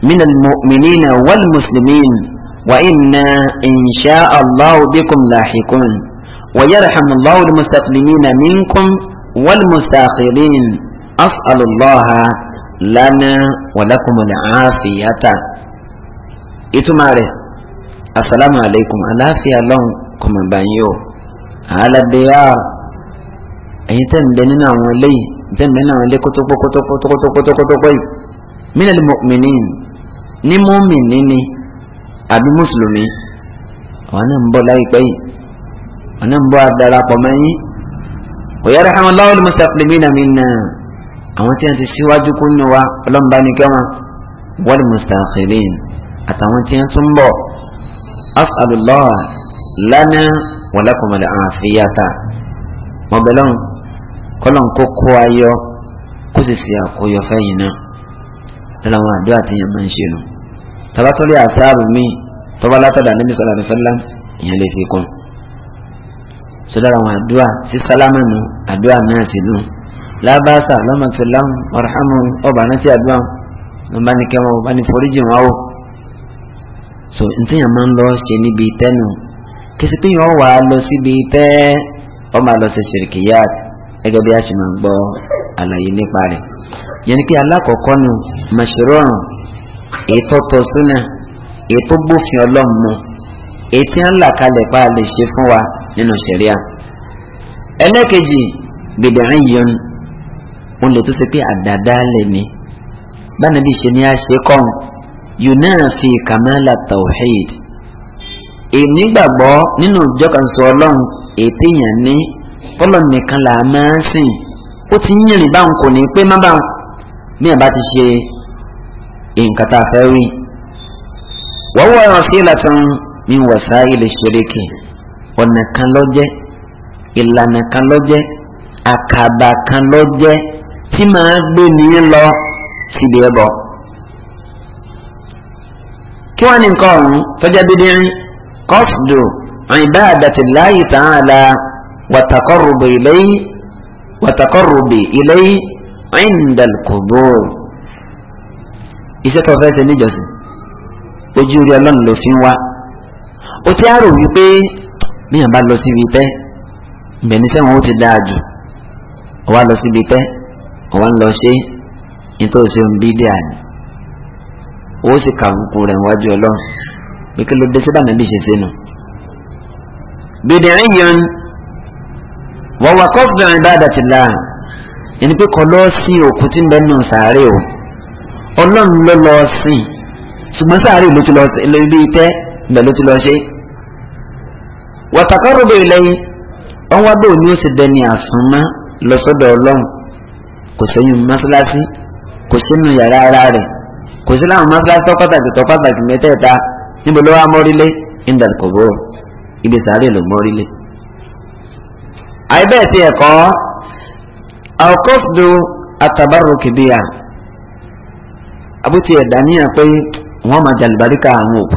minal mu'minina wal muslimin wa inna insha allahu bikum lahiqun. ويرحم الله المستقدمين منكم والمستاخرين أسأل الله لنا ولكم العافية إتماري السلام عليكم العافية لهم كما بانيو على الديار أي تنبننا ولي تنبننا ولي كتب كتب كتب كتب كتب من المؤمنين ni mọ́mìnì ni àbí mùsùlùmí àwọn náà ń bọ̀ láìpẹ́ ọ̀nà ń bọ́ adarapọ̀ mẹ́yìn wa yarhamullahu al-mustaqdimina minna àwọn tí wọ́n ti síwájú kún ní wa ọlọ́mba ní kẹ́wọ̀n wal mustakhirin àtàwọn tí wọ́n tún bọ̀ as'alullah lana wa lakum al-afiyata mọ̀bẹ́lọ́n kọ́lọ́n kó kó ayọ́ kó sì sí àkóyọ fẹ́yìn náà lọ́la wọn àdúrà tí yẹn máa ń ṣe mi tọ́ba látọ̀dà níbi sallallahu alaihi wasallam ìyẹn lè fi kún sọlára àwọn àdúrà sí sálámà àdúrà náà sí lù lábàásà lọ́mọ̀tòláhùn ọ̀rọ̀hámù ọba rántí àdúrà lọ́mọ ní kẹwọn ọba ní foríjì wọn so ntìyàn máa ń lọ ṣe níbi tẹ́nu kìsì pé yọ̀ọ́ wà á lọ síbi tẹ́ ọ máa lọ ṣe ṣìrìkìyàt e bí a ṣe máa àlàyé nípa yẹn ni pé alákọ̀ọ́kọ́ nu ètò ètò gbófin ńlá kalẹ̀ pa lè ṣe fún wa nínú sẹ̀ríà ẹlẹ́kejì gbèdè àyàn òun lè tó ṣe pé àdàdálẹ̀ ni bánàbí ṣe ni a ṣe kọ́n yunafi kamala tawhid ìnígbàgbọ́ nínú ìjọkànṣọ ọlọ́run ètè yàn ní tọ́lọ̀ nìkan là máa ń sìn ó ti ń yìnrìn báwọn kò ní pé má báwọn ní àbá ti ṣe nǹkan tá a fẹ́ rí wọ́n wọ́n sí ìlàtàn min wasaili shiriki ọ̀nà kan lọ́jẹ́ ìlànà kan lọ́jẹ́ àkàbà kan lọ́jẹ́ tí màá gbé ní lọ síbi ẹbọ. kí wọ́n ní nǹkan ọ̀hún tọ́jà dídí rí qasdu ibadatillahi ta'ala wa taqarrubi ilayhi wa taqarrubi ilayhi indal qubur. iṣẹ́ tó fẹ́ ṣe níjọsìn ojú rí ọlọ́run ló fi ń wá. ó ti á wípé bí yàn bá lọ síbi tẹ́ ibẹ̀ ní sẹ́wọ̀n ó ti dáa jù ó wá lọ síbi tẹ́ ó wá ń lọ ṣe nítorí ṣe ń bí dé àná ó sì kàbùkù rẹ̀ wájú ọlọ́run pé kí ló dé sí bàmí bí ṣe sínú. bìdìrín yẹn wọ́n wá kọ́fìdìrín bá dàtí la ẹni pé kọ́ lọ́ọ́ sí òkú tí ń bẹ nù sàárè o ọlọ́run ló lọ́ọ́ sí ṣùgbọ́n sàárè ló ti lọ́ọ́ sí ibi tẹ́ ibẹ̀ ló ti lọ́ọ́ ṣe wàtàkọ́rọ̀bù ìlẹ́yìn wọ́n wá bò ní ó sì dẹni àsùnmọ́ lọ́sọ́dọ̀ ọlọ́run kò sẹ́yìn mọ́sálásí kò sínú yàrá ara rẹ̀ kò sí láwọn mọ́sálásí tó pàtàkì tó níbo ló wá mọ́rílé ìdàkọ̀bọ̀ ibi sàárè ló mọ́rílé. àìbẹ́ẹ̀ ti ẹ̀kọ́ àkọ́sùdù àtàbárò kìbíyà àbútí ẹ̀dá níyà pé wọ́n máa jàlùbáríkà àwọn òkú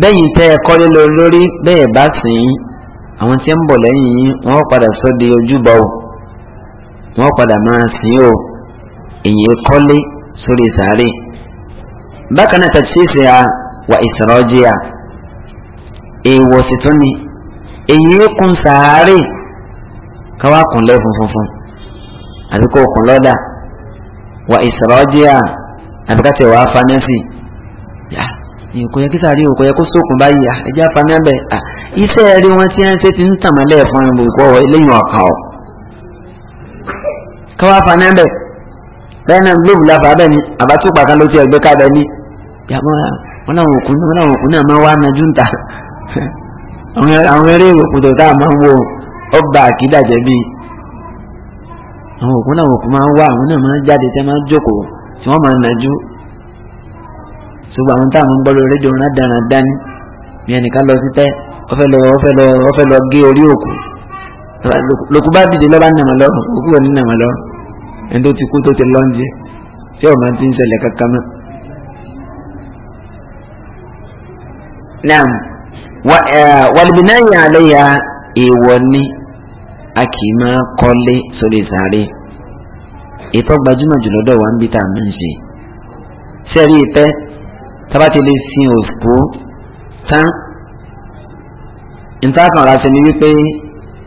bẹ́yìn tẹ́ ẹ kọ́lé lọ lórí bẹ́ẹ̀ bá sìn ín àwọn tí ń bọ̀ lẹ́yìn yín wọ́n padà sóde ojúbọ o wọ́n padà máa sìn o èyí kọ́lé sórí sàárè bákan náà tàbísíṣe a wà ìsọ̀rọ̀jì a èèwọ̀ sì tún ni èyí kun sàárè káwá kun lẹ́fun funfun àbí kò kun lọ́dà wà ìsọ̀rọ̀jì a àbíkátẹ̀ fanẹ́sì yá kò yẹ kí sàárì kó sókun báyìí à ẹjẹ afaná bẹ à iṣẹ́ rí wọn tí wọ́n ṣe ti ń tàmọ́lẹ̀ fún ẹ̀bùn ìkọ́ lẹ́yìn ọ̀kà ọ̀ káwá afaná bẹ bẹ́ẹ̀ náà glóòbù la fà ni àbátúpà kan ló ti ẹ̀gbẹ́ ká bẹ́ẹ̀ ni yàgbọ́n wọn làwọn òkú wọn làwọn òkú náà máa wá najú ń ta àwọn eré òkùtò tá a máa ń wo ọba àkídàjẹ́ bíi àwọn òkú náà òkú máa ń wá àwọn náà máa ń jáde tẹ́ máa ń jókòó tí ṣùgbọ́n àwọn táwọn ń gbọ́ lórí rédíò náà dáná dání bí ẹnìkan lọ sí tẹ́ ọfẹ́ lọ ọfẹ́ lọ ọfẹ́ lọ gé orí òkú lòkú bá dìde lọ́ba nàmọ́ lọ òkú wọn ní nàmọ́ lọ ẹni tó ti kú tó ti lọ́njẹ tí ọ̀ma ti ń ṣẹlẹ̀ kankan mọ́. naam wàlùbínáyà àlẹ́yà èèwọ̀ ni a kì í máa kọ́lé sórí ìsàárè ètò gbajúmọ̀ jùlọ dọ̀ wá ń bí tá a máa ń ṣe sẹ́rí ìtẹ́ tába ti lè sin òkú tán ntakan ra ṣe ni wípé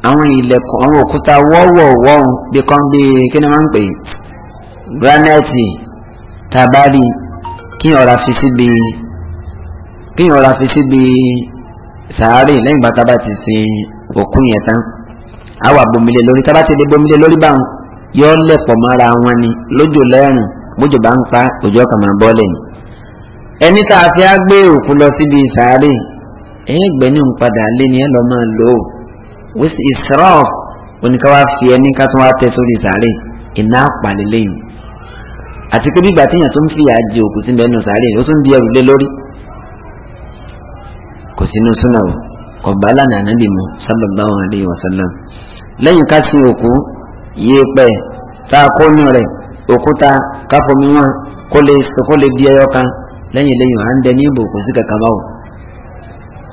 àwọn ilẹ̀kùn àwọn òkúta wọ́wọ́ wọ́hún bí kan bí kí ni wọ́n ń pè granite tabali kí ọ̀rá fi síbi kí ọ̀rá fi síbi sàárè lẹ́yìn ìgbà tába ti sin òkú yẹn tán àwa bomile lórí tába ti lè bomile lórí báwọn yọ lẹ̀pọ̀ mọ́ra wọn ni lójò lẹ́rùn bójò bá ń pa òjò kan máa bọ́ ẹni tá a fi á gbé òkú lọ síbi sàárè ẹ̀yìn ìgbẹ́ni ń padà lé ni ẹ lọ́ máa lò ó wíṣí israf oníkà wá fi ẹni ká tún wá tẹ sórí sàárè iná pàlélẹ́yìn àti pé bígbà téèyàn tó ń fi àjẹ òkú sí bẹ́ẹ̀ nù sàárè ó tún di ẹrù lé lórí kò sínú súnà o kò bá lànà ànábì mu sallallahu alaihi wasallam lẹ́yìn ká sin òkú yẹ̀pẹ̀ tá a kó nù rẹ̀ òkúta káfọmíwọn kó lè di ẹyọ kan lẹ́yìn lẹ́yìn à ń dẹ ní ìbò kò sí kankan báwò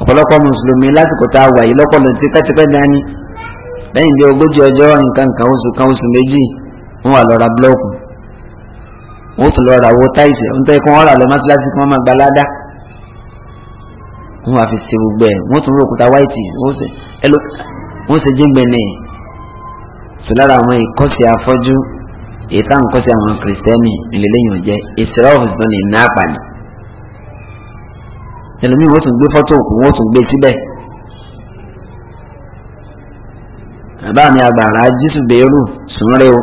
ọ̀pọ̀lọpọ̀ mùsùlùmí lásìkò tá a wà yìí lọ́pọ̀lọpọ̀ tipẹ́tipẹ́ dání lẹ́yìn bí ogójì ọjọ́ nǹkan kan oṣù kan oṣù méjì wọ́n wà lọ ra búlọ́ọ̀kù wọ́n tún lọ ra owó táìsì ń tẹ́ kí wọ́n rà lọ mọ́sálásí kí wọ́n máa gba ládá wọ́n wà fi ṣe gbogbo ẹ̀ wọ́n tún rò òkúta wáìtì wọ́n ṣe jíngbẹ̀ ní ẹ̀ sọ lára àwọn ìkọ́sí afọ́jú èyí táwọn kọ́sí àwọn kìrìsìtẹ́nì ìlẹ́lẹ́yìn ọ̀jẹ́ ìṣẹ́rọ̀ ọ̀fíìsì náà ẹlòmíì wọ́n tún gbé fọ́tò òkú wọ́n tún gbé síbẹ̀ bàbá mi àgbàrá jésù bẹ́ẹ̀rù sùnrẹ́ o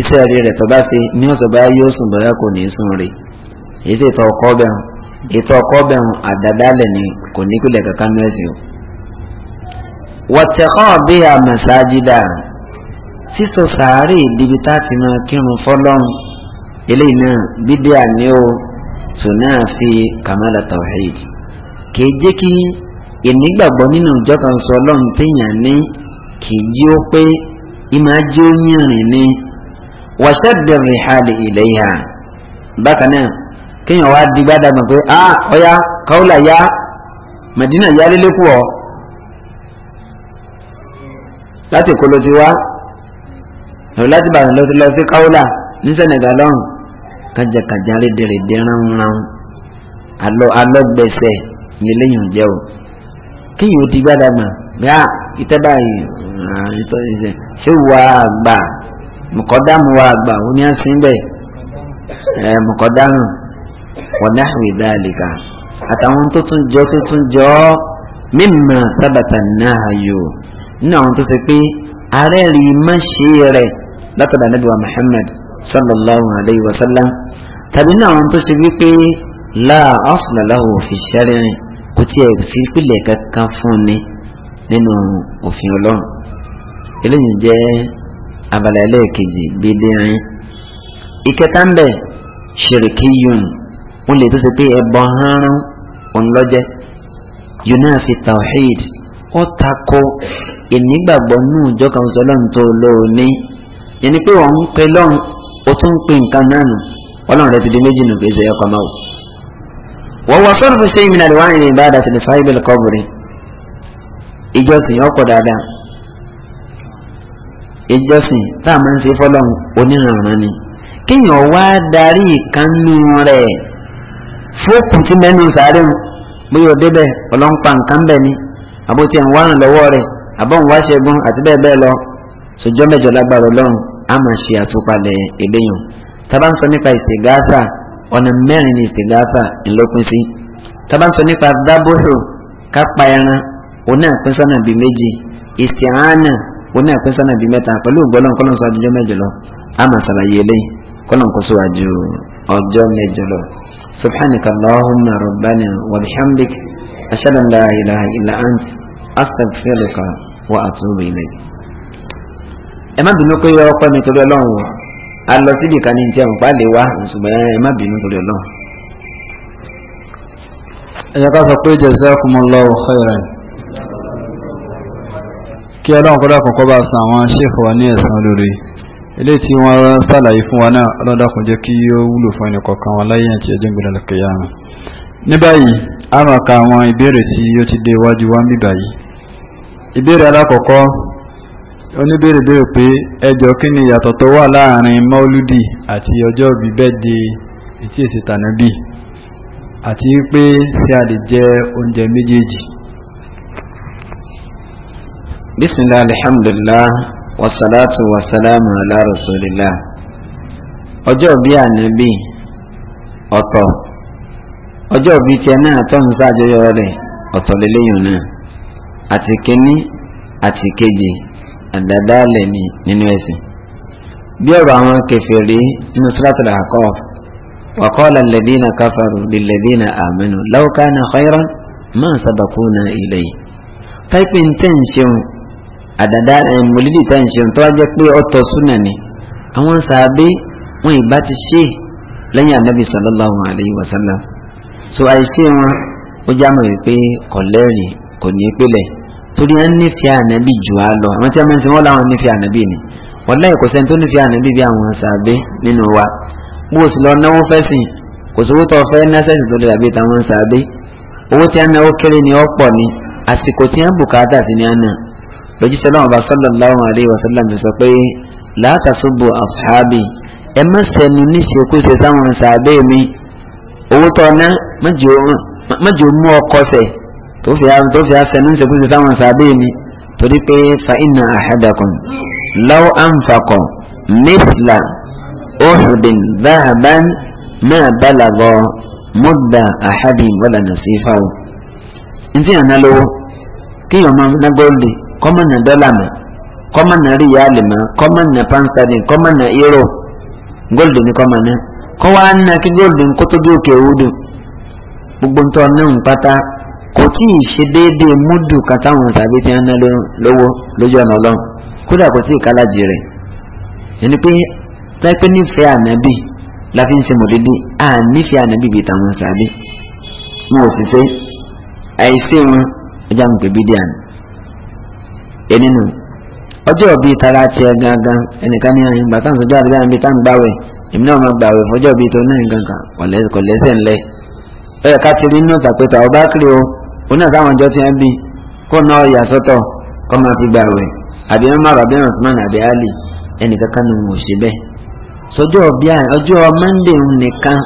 iṣẹ́ rí rẹ̀ tó bá ṣe ní ọ̀sẹ̀ bá yóò sùn bóyá kò ní sùn rí ètò ìtọ̀ ọkọ́ bẹ̀rùn ètò ọkọ́ bẹ̀rùn àdàdálẹ̀ ni kò ní pìlẹ̀ kankan ní ẹ̀sìn o. wọ̀tẹ̀kọ́ bí àmàṣáájídà sísọ sàárè ìdíbi tá a ti máa kírun fọ́lọ́run eléyìí náà bídíà ni ó tún náà fi kàmálà tawhid kìí jẹ́ kí ìnígbàgbọ́ nínú ìjọ kan sọ ọlọ́run téèyàn ní kìí jí ó pé ìmájí ó yìnrìn ní wàṣẹ́dẹ̀ rìhálì ilẹ̀ ìhà bákan náà kéèyàn wá di gbádàgbà pé a ọ̀ya kaula ya Madina ya lélẹ́kù ọ́ láti kolo ti wá láti bàrùn lọ sí kaula ní Senegal lọ́rùn kájàkájà rédèrèdè ránran alọ alọgbẹsẹ ní eléyìí jẹ o kíyìn ó ti gbàdàgbà bíà ìtẹ́bà yìí ṣé wà á gbà mọ̀kọ́dámù wà á gbà ó ní àsìnbẹ̀ ẹ̀ mọ̀kọ́dámù wọ̀nà àwìdá àlìkà àtàwọn tó tún jọ tó tún jọ ọ́ mímọ sábàtà náà yò nínú àwọn tó ti pé ààrẹ má ṣe rẹ̀ látọ̀dà nàbíwá Muhammad sallallahu alayhi wa sallam tàbí ní àwọn tó ṣe wípé láà asùnàláwò òfin ṣẹ́rìnrìn kò tiẹ̀ sí pìlẹ̀ kankan fún ni nínú òfin ọlọ́run eléyìí jẹ́ abala ẹlẹ́ẹ̀kejì bídírin ìkẹta ń bẹ ṣèrìkìyùn wọn lè tó ṣe pé ẹbọ hánrán ònlọ́jẹ́ yunafi tawhid ó tako ìnígbàgbọ́ nù ìjọ kan sọ tó lóò yẹn ni pé wọ́n ń pe lọ́run ó tún pè nǹkan náà nù ọlọ́run rẹ ti di méjì nù gbèsè ẹ̀kọ́ máa wò. wọ́n wọ sọ́ọ̀rù ṣe ìmìnà rẹ̀ wáyé ìbá àdàtì lè fáyé bẹ́ẹ̀ kọ́bùrì ìjọsìn ọ̀pọ̀ dáadáa ìjọsìn tá a máa ń ṣe fọlọ́run onírànràn ni kéèyàn wá darí ìkànnì rẹ̀ fókùn tí mẹ́nu sáré mu bóyá o débẹ̀ ọlọ́npa nǹkan bẹ̀ ni àbótiẹ̀ ń wá lọ́wọ́ rẹ̀ àbọ̀ ń wá ṣẹ́gun àti bẹ́ẹ̀ bẹ́ẹ̀ lọ sọjọ́ mẹ́jọ lágbára ọlọ́run a máa ṣe àtúpalẹ̀ eléyàn tábà ń sọ nípa ìsìgáàfà ọ̀nà mẹ́rin ní ìsìgáàfà ńlọ́pin sí tábà ń sọ nípa dábòrò kápá ẹran oní àpínsánà bíi méjì ìsìáánà oní àpínsánà bíi mẹ́ta pẹ̀lú ògbọ́lọ́n kọ́lọ́n sọ ọjọ́ mẹ́jọ lọ a máa ṣàlàyé eléyìí kọ́lọ́n kó síwájú ọjọ́ mẹ́jọ lọ subhanaka allahumma rabbana wa bihamdik ashhadu an la ilaha illa ẹ má bínú pé ọpẹ́ mi torí ọlọ́run o a lọ síbi kan ní ìjẹun pálí wa ṣùgbọ́n ẹ má bínú torí ọlọ́run. ẹ̀yà ká sọ pé jazakumullahu khairan kí ọlọ́run kọ́dọ̀ kọ́kọ́ bá san àwọn ṣèkò wa ní ẹ̀san olóore ilé tí wọ́n ṣàlàyé fún wa náà ọlọ́dàkùn jẹ́ kí ó wúlò fún ẹnì kọ̀ọ̀kan wa láyé àti ẹjọ́ ìgbìlẹ̀ lọ́kẹ́yà wọn. ní báyìí a máa ka àwọn ìbéèrè tí ó ti dé iwájú wa ń bíbà yìí ìbéèrè alákọ̀ọ́kọ́ oníbèrè béèrè pé ẹjọ́ kí ni ìyàtọ̀ tó wà láàrin mauludi àti ọjọ́ bíbẹ́ di etí èsì tànàbí àti pé ṣé a lè jẹ oúnjẹ méjèèjì. bisimilahi alhamdulilah wasalaatu wasalaamu ala rasulillah ọjọ́ bí ànábì ọ̀tọ̀ ọjọ́ bí tiẹ̀ náà tó ń ṣàjọyọ̀ rẹ̀ ọ̀tọ̀ lélẹ́yìn náà àti kínní àti kejì. àdádálẹ̀ ni nínú ẹ̀sìn bí ọ̀rọ̀ àwọn kẹfẹ̀rí nínú suratul Ahqaf wa qala alladhina kafaru lilladhina amanu law kana khayran ma sabaquna ilayhi táìpì tẹ̀ ń ṣeun àdàdá mòlídì tẹ̀ ń ṣeun tó wá jẹ́ pé ọ̀tọ̀ súnà ni àwọn sàábé wọn ìbá ti ṣe lẹ́yìn ànábì sallallahu alayhi wa so àìṣe wọn ó já mọ̀ wípé kọ̀lẹ́rìn kò ní í pélẹ̀ torí ẹ nífẹ̀ẹ́ ànábì jù á lọ àwọn tí a máa ń sìn wọ́n láwọn nífẹ̀ẹ́ ànábì ni wọ́n láyé kò sẹ́ni tó nífẹ̀ẹ́ ànábì bí àwọn sàbẹ́ nínú wa bó o sì lọ náwó fẹ́ sìn kò sówó tó fẹ́ násẹ̀sì tó lè dàbí tàwọn sàbẹ́ owó tí a náwó kéré ni ó pọ̀ ni àsìkò tí a ń bùkátà sí ni a nà lójúṣẹ́ láwọn bá sallallahu alaihi wasallam sọ pé la tasubbu ashabi ẹ má sẹ́nu níṣekúṣe sáwọn mi owó tó ná má jẹ́ ó tó fi àfẹnú ṣekúṣe sáwọn sàbẹ̀ mi torí pé fa inna ahadakum law anfaqa mithla uhudin dhahaban ma balagha mudda ahadin wala nasifahu. ntí àná lówó kíyàn máa ná góòlì kọ́mọ̀ ná dọ́là mọ́ kọ́mọ̀ ná ríyàlì mọ́ kọ́mọ̀ ná pánstadì kọ́mọ̀ ná euro ní kọ́mọ̀ náà kọ́ ná kí góòlì kótó bí òkè òwúdù gbogbo ntọ́ náà ń pátá kò tí ì ṣe déédéé múdù kàtàwọn tàbí tí wọn ná lówó lójú ọ̀nà ọlọ́run kódà kò tí ì kálájì rẹ̀ ẹni pé láìpẹ́ nífẹ̀ẹ́ ànábì la fi ń ṣe mọ̀lẹ́dí à nífẹ̀ẹ́ ànábì bíi tàwọn sàbí wọn ò sì ṣe àìsí wọn ẹja ń pè bídíà ni ẹni nù ọjọ́ bíi tara tiẹ̀ gangan ẹnìkan ní àyìnbá táwọn sọjọ́ àdúgbò àyìnbí táwọn gbàwẹ̀ èmi náà máa gbàwẹ̀ fọjọ́ bíi tó náà gangan kò lẹ́sẹ̀ ńlẹ̀ ẹ̀ ká ti rí inú ìtàpẹ́tà ọba kiri o oní àtàwọn ọjọ́ tí wọ́n bí kó ná ọ̀yà sọ́tọ̀ kó máa fi gbà wẹ̀ àbí Umar àbí Usman àbí Ali ẹnìkankan ni mo ṣe bẹ́ẹ̀ sọjọ́ ọjọ́ mọ́ndé nìkan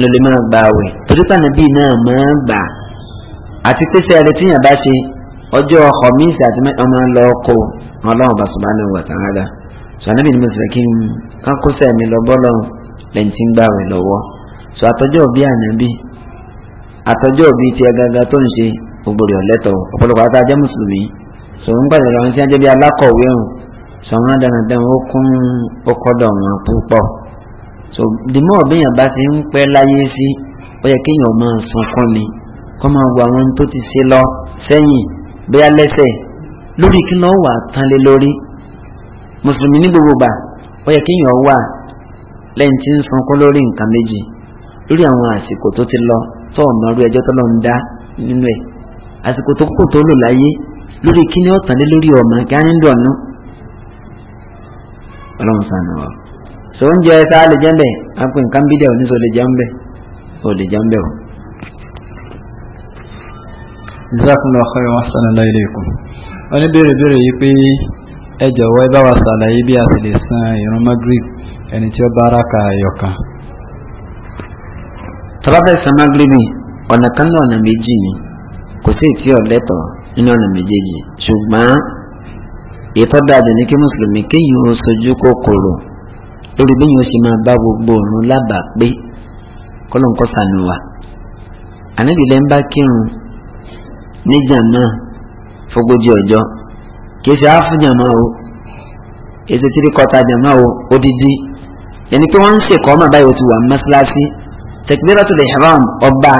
ló lè máa gbà wẹ̀ torí pàǹdàbí náà máa gbà àti pèsè ẹrẹ tíyàn bá ṣe ọjọ́ Khamisi àti ọmọ lọ kó wọn lọ́wọ́ bá subhanahu wa ta'ala sọ anábì ni mo sì kí n kán kó sẹ́mi lọ àtọ́jọ́ bíi tiẹ̀ gangan tó ń ṣe ògbòrè ọ̀lẹ́tọ̀ ọ̀pọ̀lọpọ̀ àti ajẹ́ mùsùlùmí sọ̀rọ̀ ń pàṣẹ lọ́wọ́ tí wọ́n jẹ́ bí alákọ̀wé ọ̀hún sọ̀rọ̀ dandan ó kún ọkọ̀dọ̀ wọn púpọ̀ so dìmọ́ ọ̀bẹ́yàn bá ti ń pẹ́ láyé sí ó yẹ kéèyàn máa sunkún ni kó máa wo àwọn tó ti ṣe lọ sẹ́yìn bóyá lẹ́sẹ̀ lórí kí lọ́ wà tán lé lórí mùsùlùmí ní gbogbo lórí àwọn àsìkò tó ti lọ tó ọmọ rú ẹjọ́ tọ́lọ́ ń dá nínú ẹ̀ àsìkò tó kù tó lò láyé lórí kíní ọ̀tàn lé lórí ọmọ gánà ń dọ̀nù ọlọ́run sànù ọ. sọ oúnjẹ ẹ sáà lè jẹ́ mbẹ́ apẹ̀ nǹkan bídẹ̀ ò ní sọ lè jẹ́ mbẹ́ ò lè jẹ́ mbẹ́ o. jazakumullahu khairan wa sallallahu alaykum wọ́n ní béèrè béèrè yìí pé ẹ jọ̀wọ́ ẹ bá wa ṣàlàyé bí a ti lè san ìrun magrib ẹni tí ó bá rákà ẹyọ̀kan tabafẹ́ san magrebi ọ̀nà ona náà ọ̀nà méjì ni kò sí ìtí ọ̀lẹ́tọ̀ nínú ọ̀nà méjèèjì ṣùgbọ́n ètò dáadé ní kí mùsùlùmí kéyìn ó sojú kòkòrò lórí bí yóò ṣe máa bá gbogbo òrùn lábàá pé kọ́lọ́n kọ́ sànù wa ànábì lẹ́ ń bá kírun níjà náà fógójì ọjọ́ kì í ṣe áfújà o kì í ṣe o odidi ẹni pé wọ́n ń ṣèkọ́ ọmọ báyìí ó ti wà mọ́ṣáláṣí takbiratul ihram ọba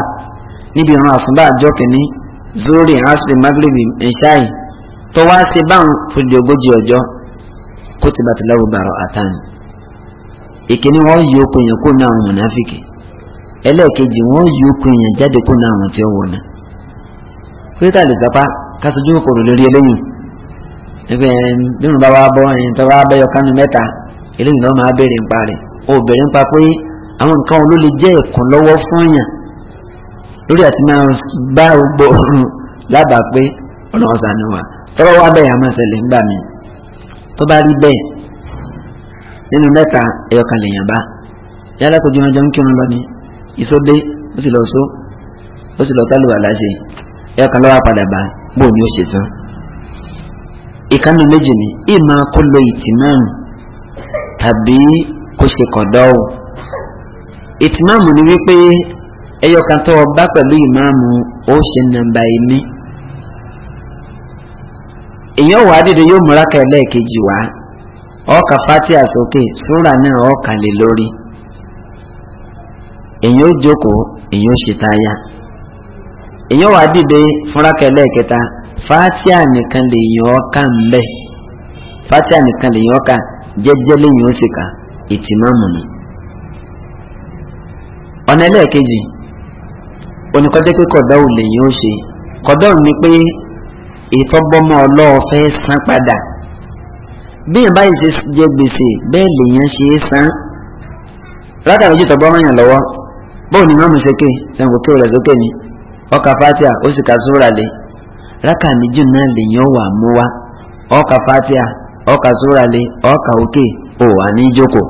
níbi ìran àsùnbà àjọ kìíní zuri asri magrebi nṣáì tó wá sí báwọn fúdi ogójì ọjọ́ kó ti bàtí láwù bàrọ àtàn ìkíní wọn yí okùn yẹn kó náà wọn náfìkì ẹlẹ́ẹ̀kejì wọn yí okùn yẹn jáde kó náà wọn tí ó wọnà pété àlè sápá kásojú kòkòrò lórí eléyìí ẹgbẹ́ nínú bá wa bọ́ ẹ̀yìn tó wá bẹ́yọ kánú mẹ́ta eléyìí lọ́ọ́ máa béèrè ń parí ó béèrè ń pa pé àwọn nǹkan ló lè jẹ́ ẹ̀kún lọ́wọ́ fún yàn lórí àti máa bá gbogbo ọ̀run lábàá pé ọlọ́run sànù wa tọ́wọ́ wá bẹ́ẹ̀ àmọ́ ṣẹlẹ̀ ńgbà mi tó bá rí bẹ́ẹ̀ nínú mẹ́ta ẹ̀yọkàn lèèyàn bá yálà kó jọmọjọ ń kírun lọ ni ìsódé ó sì lọ só ó sì lọ sálùwà láṣẹ ẹ̀yọkàn lọ́wọ́ padà bá bó ni ó ṣe tán ìkànnì méjì ni ìmọ̀ kó lo ìtìmọ́ọ̀n tàbí kó ṣe kọ̀dọ́ọ̀ ìtìmáàmù ni wípé ẹyọ kan tó bá pẹ̀lú ìmáàmù ó ṣe nàmbà ẹ̀mí èèyàn wà á dìde yóò múra ká ẹlẹ́ẹ̀kejì wá ọkà fatia sókè súrà náà ọkà lè lórí èèyàn ó jókòó èèyàn ó ṣe táyà èèyàn wà á dìde fúnra ká ẹlẹ́ẹ̀kẹta fatia nìkan lè yàn ọkà ńbẹ fatia nìkan lè yàn ọkà jẹ́jẹ́ lè yàn ó sì kà ìtìmáàmù ni. ọ̀nà ẹlẹ́ẹ̀kejì oníkọ́jẹ́ pé kọ̀dọ̀ ò lè yóò ṣe kọ̀dọ̀ ni pé ìtọ́gbọ́mọ ọlọ́ọ̀fẹ́ san padà bí yẹn báyìí ṣe jẹ gbèsè bẹ́ẹ̀ ṣe é san rákà méjì tọ́gbọ́mọ yàn lọ́wọ́ bóun ni mọ́mú ṣèké ṣẹ́nkò kí rẹ̀ ni ọkà fatia ó sì ka sóra lé rákà méjì náà lèèyàn wà mú wa ọkà fatia ọkà sóra lé ọkà òkè ò wà ní ìjókòó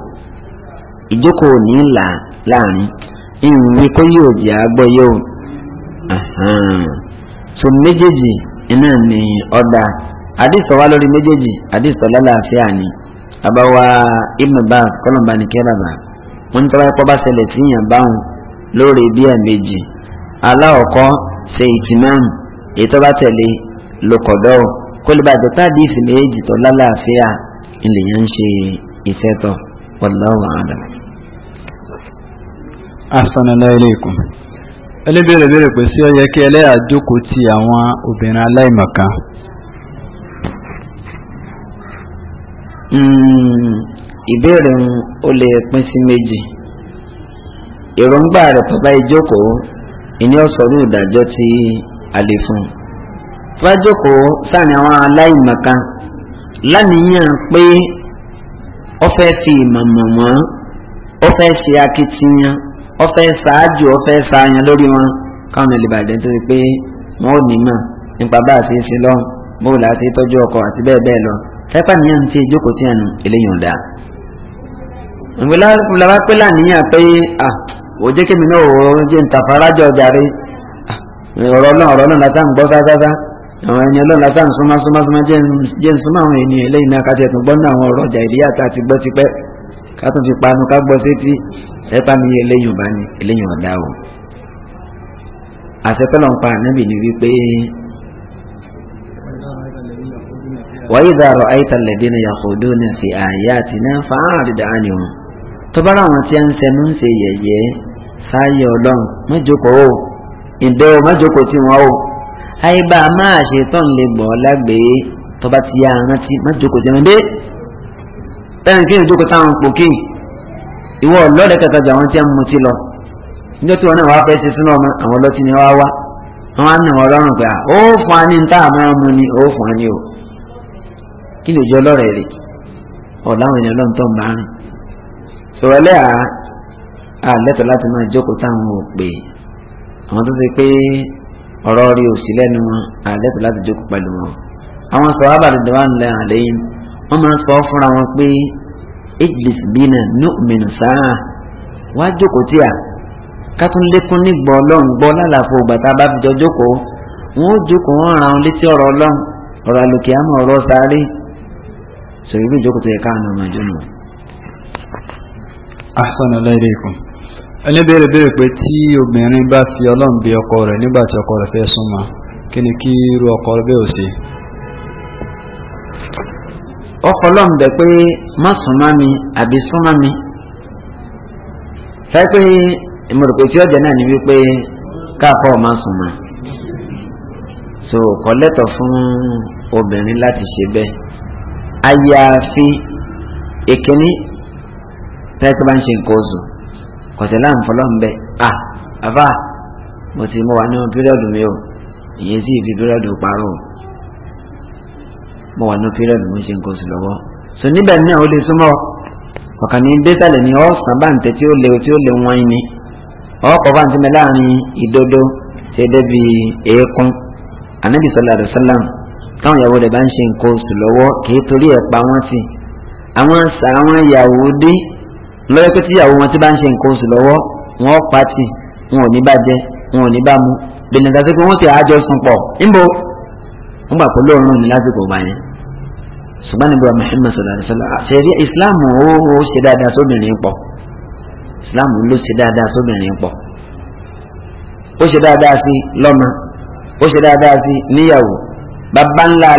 ìjókòó ní ìwé kó yóò jẹ́ agbọ́ yóò so méjèèjì iná ni ọ̀dà àdìsọ wa lórí méjèèjì àdìsọ lálàáfíà ni àbáwá ìmọ̀ba kọ́lọ̀mbà ní kẹ́ràbà wọ́n ń tọ́wá ẹ̀kọ́ ṣẹlẹ̀ sí yàn báwọn lórí bí ẹ̀ méjì aláọ̀kọ́ ṣe ìtìmọ́n Assalamu ẹlẹ́bẹ̀rẹ̀ bẹ̀rẹ̀ pé sí ó kí ẹlẹ́yà jókòó ti àwọn obìnrin aláìmọ̀kan hmm, ìbéèrè pin lè pín sí méjì èròǹgbà rẹ̀ bàbá ìjókòó ìní ọ̀sọ̀rọ̀ ìdájọ́ ti àlè fún un fájókòó sáàni àwọn aláìmọ̀kan láníyàn pé o fẹ́ fi ìmọ̀mọ̀ wọ́n ó fẹ́ ṣe akitiyan ọfẹ ṣáájú ọfẹ ṣááyan lórí wọn káwọn olùbàdàn tó ti pé wọn ò ní mọ̀ nípa bá a ṣe é ṣe lọ́hùn bó la ṣe tọ́jú ọkọ àti bẹ́ẹ̀ bẹ́ẹ̀ lọ sẹ́pà níyàn ti ìjókòó tí àná eléyìí ń da. ìwé làwa pé làníyàn pé à ò jẹ́ kémi náà òòrùn jẹ́ ntàfarájọ jàre ọ̀rọ̀ náà ọ̀rọ̀ náà látà ń gbọ́ sáásá àwọn ẹni ọlọ́run látà ń súnmọ́ súnmọ́ súnmọ́ jẹ́ ń súnmọ́ àwọn ènìyàn eléyìí náà ká tún fi panu ká gbọ́ sétí ẹ̀pá mi eléyìn bá ní eléyìn ọ̀dà o. àṣẹ tọ́lọ̀ ń pa ànábì ni wípé wàyí dàrọ̀ àyíta lẹ́dínà yàkùdó náà fi àyà àti náà fa àrùdà ànìwò tọ́bárà àwọn tí a ń sẹnu ń ṣe yẹ̀yẹ́ sáyé ọlọ́run mọ́jọ́kọ̀ọ́ ìdẹ́ o mọ́jọ́kọ̀ tí wọ́n o àyíbá máa ṣe tán lè gbọ́ lágbèé tọ́ba ti yá arántí mọ́jọ́kọ̀ tí wọ́n dé ẹ̀rìn kí ni tó kọta àwọn pò kíì ìwọ ọlọ́dẹ kẹta jà wọ́n ti ń mutí lọ níjọ́ tí wọn náà wàá fẹ́ ṣe sínú ọmọ àwọn ọlọ́tí ni wàá wá wọn á nà wọn lọ́rùn pé ó fún wa ní ní tá a ni ó fún wa ní o kí lè jọ lọ́rẹ̀ rè ọ̀làwọn ènìyàn lọ́n tó ń bá rìn sọ̀rọ̀ lẹ́ à á lẹ́tọ̀ láti máa jókòó táwọn ò pè àwọn tó ti pé ọ̀rọ̀ rí òsì lẹ́nu wọn à lẹ́tọ̀ láti jókòó pẹ̀lú wọn àwọn sọ̀rọ̀ wọ́n máa ń sọ fúnra wọn pé ijlis bina nu'min sáà wá jókòó tí a ká tún lékún nígbà ọlọ́run gbọ́ lálàfo bàtà bá fi jọ jókòó wọn ó jókòó wọn ra wọn létí ọ̀rọ̀ ọlọ́run ọ̀rọ̀ àlùkè àmọ́ ọ̀rọ̀ sáré sọ̀rọ̀ ìlú ìjókòó tó yẹ káwọn ọmọ ìjọ nù. ahsan alaykum ẹni béèrè béèrè pé tí obìnrin bá fi ọlọ́run bí ọkọ rẹ̀ nígbà tí ọkọ rẹ̀ fẹ́ súnmọ́ kí ni kí irú ọkọ rẹ̀ bẹ́ẹ̀ ò ṣe ọkọlọ́n bẹ̀ pé má súnmọ́ mi àbí súnmọ́ mi fẹ́ pé ìmọ̀rọ̀pẹ̀ tí ọjà náà ní wípé káàkọ́ má súnmọ́ so kọ́lẹ́tọ̀ fún obìnrin láti ṣe bẹ́ẹ̀ àyàfi ìkíní tẹ́tí bá ń ṣe nǹkan oṣù kọ̀sẹ̀ láàmú fọlọ́n bẹ́ẹ̀ à àbá mo ti mú wa ní pírọ̀dù mi o ìyẹn sì fi pírọ̀dù parọ́ o mo wà ní period mo ń ṣe nǹkan oṣù lọ́wọ́ so níbẹ̀ náà ó lè súnmọ́ ọ̀kan ní désàlẹ̀ ní ọ̀sán báǹtẹ̀ tí ó lè tí ó lè wọ́n ni ọ̀pọ̀ báǹtẹ̀ mi láàrin ìdodo ṣe débi èékún ànábì sọlá rẹ̀ sọlá táwọn ìyàwó rẹ̀ bá ń ṣe nǹkan oṣù lọ́wọ́ kìí torí ẹ̀ pa wọ́n tì àwọn àwọn ìyàwó dé lọ́yọ́ pé tíyàwó wọn ti bá ń ṣe nǹkan oṣù lọ́wọ́ wọn pa tì wọn ò ní bàjẹ́ wọn ò ní bá bẹ̀rẹ̀ nígbà tí wọ́n ti àjọ sùn pọ̀ níbo wọ́n gbà pé lóòrùn ní lásìkò báyẹn ṣùgbọ́n níbi wa Muhammad sallallahu alayhi wa sallam ṣẹ̀rí islam ó ṣe dáadáa sóbìnrin pọ̀ islam ló ṣe dáadáa sóbìnrin pọ̀ ó ṣe dáadáa sí lọ́mọ ó ṣe dáadáa sí níyàwó bàbá ńlá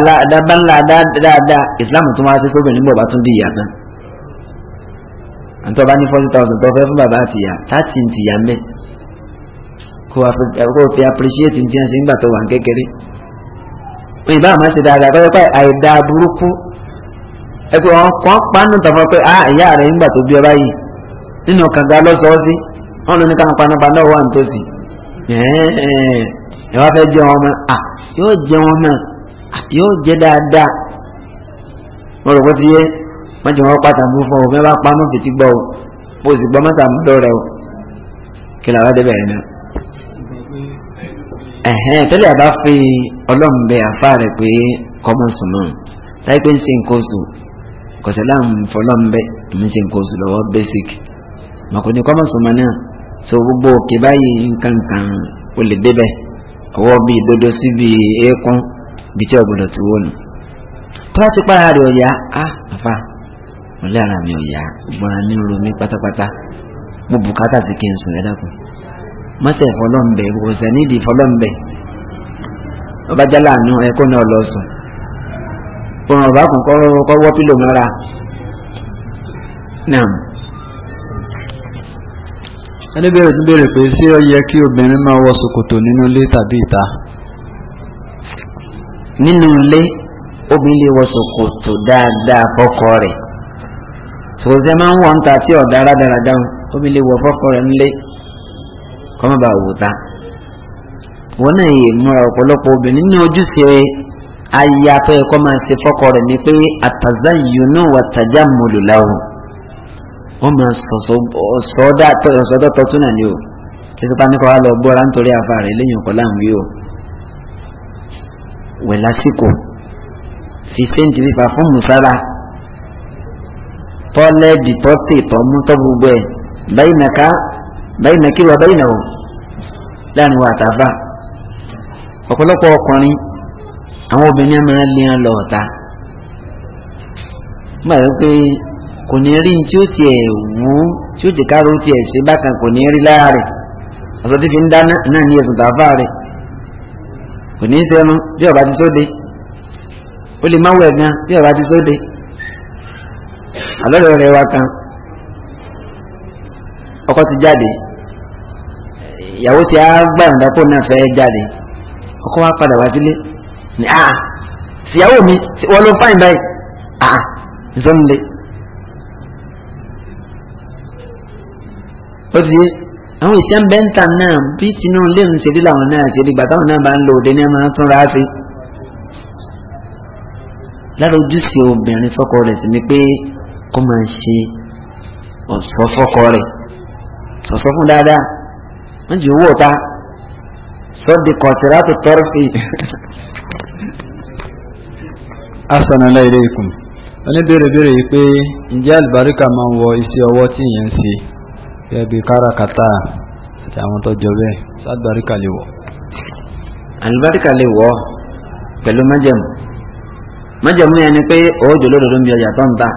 dáadáa islam tún wá sí sóbìnrin bọ̀ bá tún di ìyá tán àtọ́ bá ní forty thousand tó fẹ́ fún bàbá àtìyà láti tìyà mẹ́ kó fi appreciate ní ti ẹ̀ ṣe ń gbà tó wà kékeré òyìnbá àmọ́ ṣe dáadáa tọ́jọ́ pé àìdáa burúkú ẹgbẹ́ wọn kàn pánú tọ̀fọ́ pé a ìyá rẹ̀ nígbà tó bí ẹ báyìí nínú kànga lọ́sọ̀ọ́sí wọn ló ní ká panápaná wà nítòsí ẹ wá fẹ́ jẹ wọn mọ́ à yóò jẹ wọn mọ́ à yóò jẹ dáadáa mo rò bó ti yẹ wọ́n ti pàtàkì fún ọ bẹ́ẹ̀ bá fìtí gbọ́ ọ bó sì gbọ́ mọ́tà mú lọ́rẹ̀ o kí làwọn débẹ̀ yẹn náà. ẹ̀hẹ́n tẹ́lẹ̀ àbá fi ọlọ́run bẹ àfa rẹ̀ pé kọ́mọ̀sùn náà láì pé ń ṣe nǹkan oṣù kọ̀sẹ̀lám fọlọ́mbẹ́ èmi ṣe nǹkan oṣù lọ́wọ́ basic màkò ní kọ́mọ̀sì ọmọ náà so gbogbo òkè báyìí nǹkan kan ó lè débẹ̀ ọwọ́ bíi dodo sí bíi eékún bí tí ọ̀gbọ̀dọ̀ ti wó nù tó ti pa ara rẹ̀ ọ̀yà á àfa ọ̀lẹ́ ara mi ọ̀yà gbọ́ra ní ro mi mo bùkátà sí kí n sùn ẹ̀dàkùn mọ́sẹ̀ fọlọ́mbẹ́ kò sẹ́ nídìí fọlọ́mbẹ́ ọba jálá wọn ọba kún kọ́ wọ́ pílò mọ́ra náà ẹnibẹ̀rẹ̀ tún bèèrè pé ṣé ó yẹ kí obìnrin máa wọ ṣòkòtò nínú ilé tàbí ìta nínú ilé obìnrin lè wọ ṣòkòtò dáadáa fọ́kọ rẹ̀ ṣòkòtò máa ń wọ níta tí ọ̀dà rádaràdà obìnrin lè wọ fọ́kọ rẹ̀ nílé kọ́mọba òwúta wọn náà yè múra ọ̀pọ̀lọpọ̀ obìnrin ní ojúṣe aya tó yẹ kó máa ṣe fọ́kọ rẹ̀ ni pé àtàzáyùnú wàtàjámúlù láwù wọ́n máa sọ̀dọ̀ tọ́tún náà ni o títí pa nípa wa lọ bọ́ra nítorí afa rẹ̀ lẹ́yìn ọ̀kọ́ láwùn yìí o wẹ̀ lásìkò fi séǹtì fífa fún musala tọ́lẹ́dì tọ́tì tọ́mú tọ́ ẹ̀ báyìí nàka báyìí nàkí wa báyìí nà o láàrin wa àtàfà ọ̀pọ̀lọpọ̀ ọkùnrin àwọn obìnrin máa lé wọn lọ ọ̀tá nígbà tó pé kò ní rí tí ó tiẹ̀ wú tí ó dìkárò tiẹ̀ bákan kò ní rí lára rẹ̀ fi ń dá náà ní ẹ̀sùn tààfà rẹ̀ kò ní sẹ́nu bí ti sóde ó lè má wẹ̀ gan bí ti sóde àlọ́rẹ̀ rẹ̀ wá kan ni a ah, ìyàwó mi wọ́n ló fáìn báyìí a zọ́nlé O ti yé àwọn ìṣẹ́ ń bẹ́ńtà náà bí tinú lè ń ṣe lílà àwọn náà ṣe lè gbà táwọn náà bá ń lo òde ní ẹ̀ma tún ra sí lára ojúṣe obìnrin sọ́kọ rẹ̀ sí ni pé kó máa ṣe ọ̀ṣọ́ fọ́kọ rẹ̀ sọ̀sọ́ fún dáadáa wọ́n jù owó ọ̀ta sọ́ọ́dì kọ̀ọ̀tì látò tọ́rọ́fì asanala ileikum oníbèrèbèrè yìí pé ǹjẹ́ àlùbáríkà máa ń wọ iṣẹ́ ọwọ́ tí ìyẹn ń ṣe gẹ́gẹ́ bí káràkátà àti àwọn tó bẹ́ẹ̀ sálùbáríkà lè wọ̀. àlùbáríkà lè wọ̀ pẹ̀lú májẹ̀mú májẹ̀mú ni pé òòjò lódodo ń ọjà tó ń tà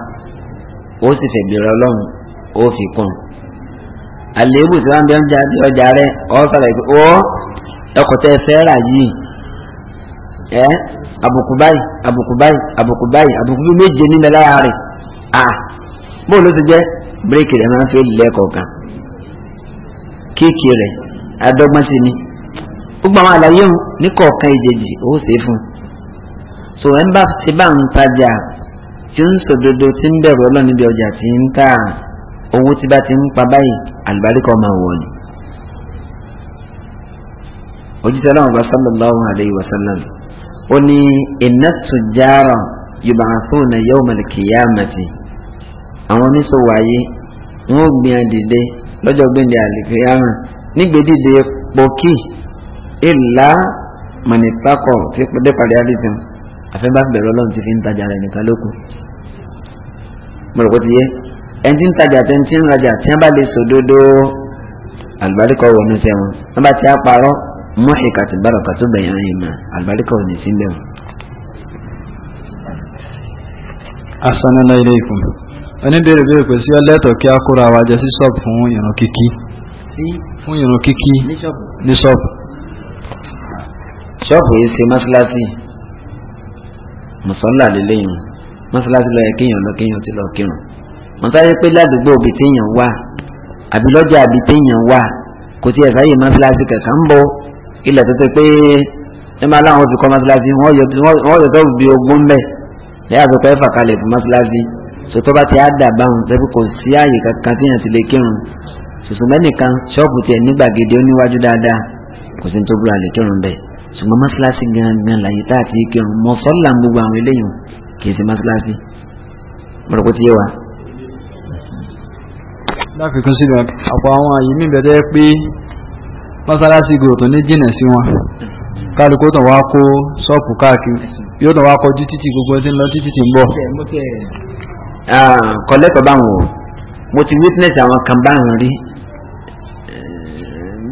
ó sì fẹ́ gbèrè ọlọ́run ó fi kún un tí wọ́n bí ọjà rẹ ọ sọ̀rọ̀ ẹ àbùkù báyìí àbùkù báyìí àbùkù báyìí àbùkù bíi méje nílẹ̀ láyà rẹ̀ à ah! bó ló ti jẹ́ fi lẹ́ẹ̀kọ̀ọ̀kan si ni gbogbo àwọn àlàyé òun ní kọ̀ọ̀kan o se fun so ẹ̀ ba ti ti bá ń tajà ti ń dodo ti n bẹ̀rù ọlọ́run níbi ọjà ti n ta owó ti ba ti n pa báyìí àlùbáríkà máa wọ̀ ni. ojúṣe aláwọ̀ bá sallallahu alayhi wa sallam. ó ní iná tùjára yub'athuna yawmal qiyamati àwọn oníṣòwò ayé wọn ò gbìn àdìde lọ́jọ́ gbẹ̀ndẹ̀ àlìkìyàmà nígbèdìde pọ́kì ìlà mọ̀nìpákọ̀ tí dẹ́pàdé àdìsìn àfẹ́bá bẹ̀rẹ̀ ọlọ́run ti fi ń tajà rẹ̀ nìkan lóko mọ̀lùkọ́ ti yẹ ẹni tí ń tajà àti ẹni tí ń rajà tí wọ́n bá lè sòdodo àlùbáríkọ̀ wọnú sẹ́wọ̀n wọ́n bá ti á mọ́ìkà ti bára ọ̀kà tó bẹ̀yàn yìí mọ́ àlùbáríkà ò ní sílẹ̀ o. asanana ilé ikùn oníbèrè bèrè pé sí ọlẹ́tọ̀ kí a kóra wa jẹ sí ṣọ́ọ̀bù fún ìran kíkí fún ìran kíkí ní ṣọ́ọ̀bù. ṣọ́ọ̀bù yìí ṣe mọ́ṣáláṣí mùsọ́lá lélẹ́yìn mọ́ṣáláṣí lọ́yẹ kéèyàn lọ kéèyàn ti lọ kírun mọ̀tàyẹ pé ládùúgbò òbí téèyàn wà àbí lọ́jà àbí téèyàn wà kò tiẹ̀ sáyè mọ́ṣáláṣí kankan ń bọ̀ ilẹ̀ tó ti pé ẹ máa láwọn fi kọ́ mọ́sálásí wọ́n yọ tó bí ogún mbẹ́ lẹ́yìn àtọ́kọ́ ẹ̀fà kalẹ̀ fún mọ́sálásí sọtọ bá ti á dà báwọn tẹ́bí kò sí ààyè kankan tí yàn ti lè kírun sọsọ mẹ́nìkan ṣọ́ọ̀bù tiẹ̀ ní gbàgede oníwájú dáadáa kò sí tó búra lè kírun bẹ́ẹ̀ ṣùgbọ́n mọ́sálásí gangan làyè tá a ti kírun mọ́ sọ́là gbogbo àwọn eléyìí kì í ṣe mọ́sálásí mọ̀rọ̀ ti yé wa. láfikún sílẹ̀ àpò àwọn àyè mi bẹ̀rẹ̀ pé mọ́sálásí gòrò tó ní jìnà sí wọn kálukú tó wá kó ṣọ́ọ̀pù káàkiri yóò tó wá kọjú títì gbogbo tí ń lọ títì tí ń bọ̀. kọ́lẹ́tọ̀ báwọn o mo ti witness àwọn kan báwọn rí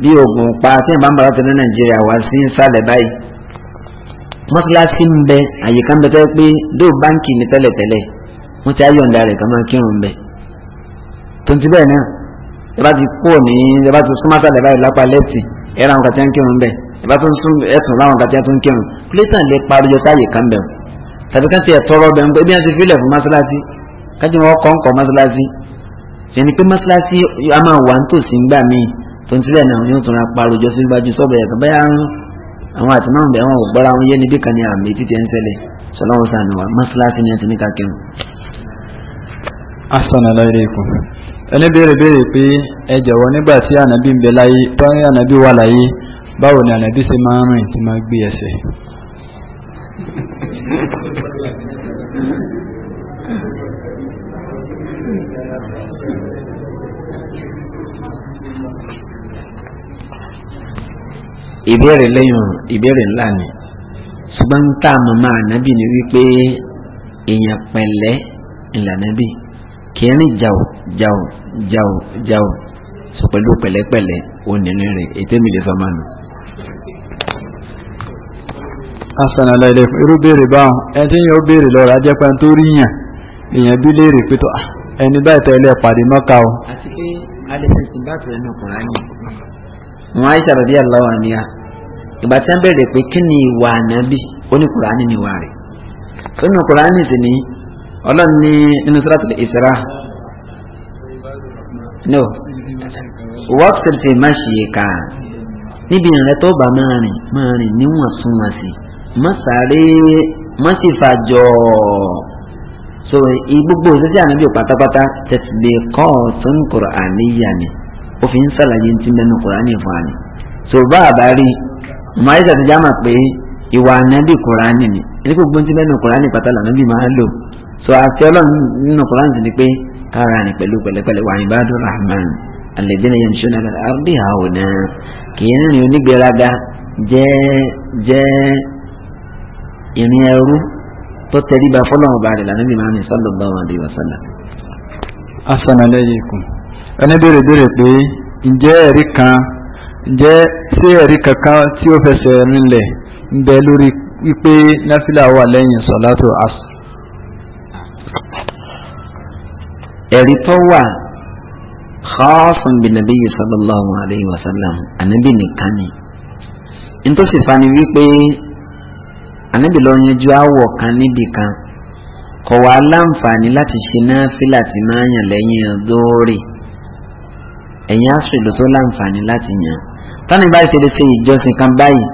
bí oògùn pa tí ìbá ń bá látọ̀ ní nàìjíríà wá sí sálẹ̀ báyìí mọ́sálásí ń bẹ àyíká ń bẹ tẹ́lẹ̀ pé dóò báńkì ní tẹ́lẹ̀tẹ́lẹ̀ wọ́n ti ayọ̀ǹda rẹ̀ kàn máa kírun bẹ̀ tó ti bẹ́ẹ̀ náà ẹ bá ti pò ní ẹ bá ti súnmọ́sà lẹ́bàá ìlápá lẹ́tì ẹ ra àwọn kàtí ń kírun bẹ́ẹ̀ ẹ bá tún sún ẹtùn ra àwọn kàtí ń kírun pílẹ́tàn lè parọ́ jọ táyè kan bẹ̀ tàbí ká ti ẹ̀tọ́rọ bẹ̀ ń pẹ́ bí wọ́n ti filẹ̀ fún mọ́sálásí kájí wọn kọ́ ń kọ́ mọ́sálásí ṣe ni pé mọ́sálásí a máa wà ń tòsí ńgbà míì tó ń tilẹ̀ náà yóò tún ra parọ́ jọ sí gbájú sọ́ọ̀bù ẹni béèrè béèrè pé ẹ jọ̀wọ́ nígbà tí ànábì ń bẹ láyé báyìí ànábì wà láyé báwo ni ànábì ṣe máa ń rìn tí máa gbé ẹsẹ̀. ìbéèrè lẹ́yìn ìbéèrè ńlá ni ṣùgbọ́n tá a mọ̀ máa nábì ni wípé èèyàn pẹ̀lẹ́ ìlànà kìí rìn jàù jàù jàù jàù sọ pẹ̀lú pẹ̀lẹ́pẹ̀lẹ́ onínú rẹ̀ ètè mi lè sọmọ nù. asànàlà ilẹ̀ irú béèrè báwọn ẹni tí yóò béèrè lọ́rọ̀ ajẹ́pẹ́ tó rí yàn èèyàn bí léèrè pé tó ah, ẹni báyìí tẹ́lẹ̀ pàdé mọ́ka o. àti pé alẹ́sẹ̀ ti bá tẹ̀lé nù kùránì. wọn Aisha radiyallahu anha ìgbà tí wọn bẹ̀rẹ̀ pé kí ni ìwà ànábì ó ní kùránì ni ìwà rẹ̀ sọ́nù kùránì sì ni ọlọ́run ní nínú suratul Isra no wọ́pẹ̀ tẹ̀ má ṣe kà níbi ìrìn tó bá máa rìn máa rìn níwọ̀ntúnwọ̀nsì má sáré má sì fàjọ so gbogbo òṣìṣẹ́ ànábì pátápátá tẹ̀sílẹ̀ kọ́ ọ̀tún Qur'aniyya ni ó fi ń sàlàyé ti mẹ́nu Qur'ani fún àná so bá a bá rí màá yẹ sàtìjà mà pé ìwà ànábì Qur'ani ni ẹni gbogbo ti mẹ́nu Qur'ani pátá lànà bí máa lò so àti ọlọ́run nínú Kùránì sì ni pé kára ni pẹ̀lú pẹ̀lẹ́pẹ̀lẹ́ wà ìbádọ́ rahman alẹ́dínà yẹn ṣọ́nà àrùdí àwọn náà kì í rìn onígbéraga jẹ́ jẹ́ ìrìn ẹrú tó tẹríba fọlọ́run bá rẹ̀ lànà bí màmí sallallahu alaihi wasallam. assalamu alaikum ẹni béèrè béèrè pé ǹjẹ́ ẹ̀rí kan ǹjẹ́ sí ẹ̀rí kankan tí ó fẹsẹ̀ rinlẹ̀ ń bẹ lórí wípé náfìlà wà lẹ́yìn sọ̀látò asr ẹ̀rí tó wà xaasun bi nabiyyi sallallahu alayhi wa sallam anabi nìkan ni ntòsí fani wípé anabi lọ yanjú awọ kan níbi kan kò wá láǹfààní láti ṣe náà fílà tí máa yàn lẹ́yìn dóòrè ẹ̀yìn aṣọ ìlú tó láǹfààní láti yàn tani bá ṣe lè ṣe ìjọsìn kan báyìí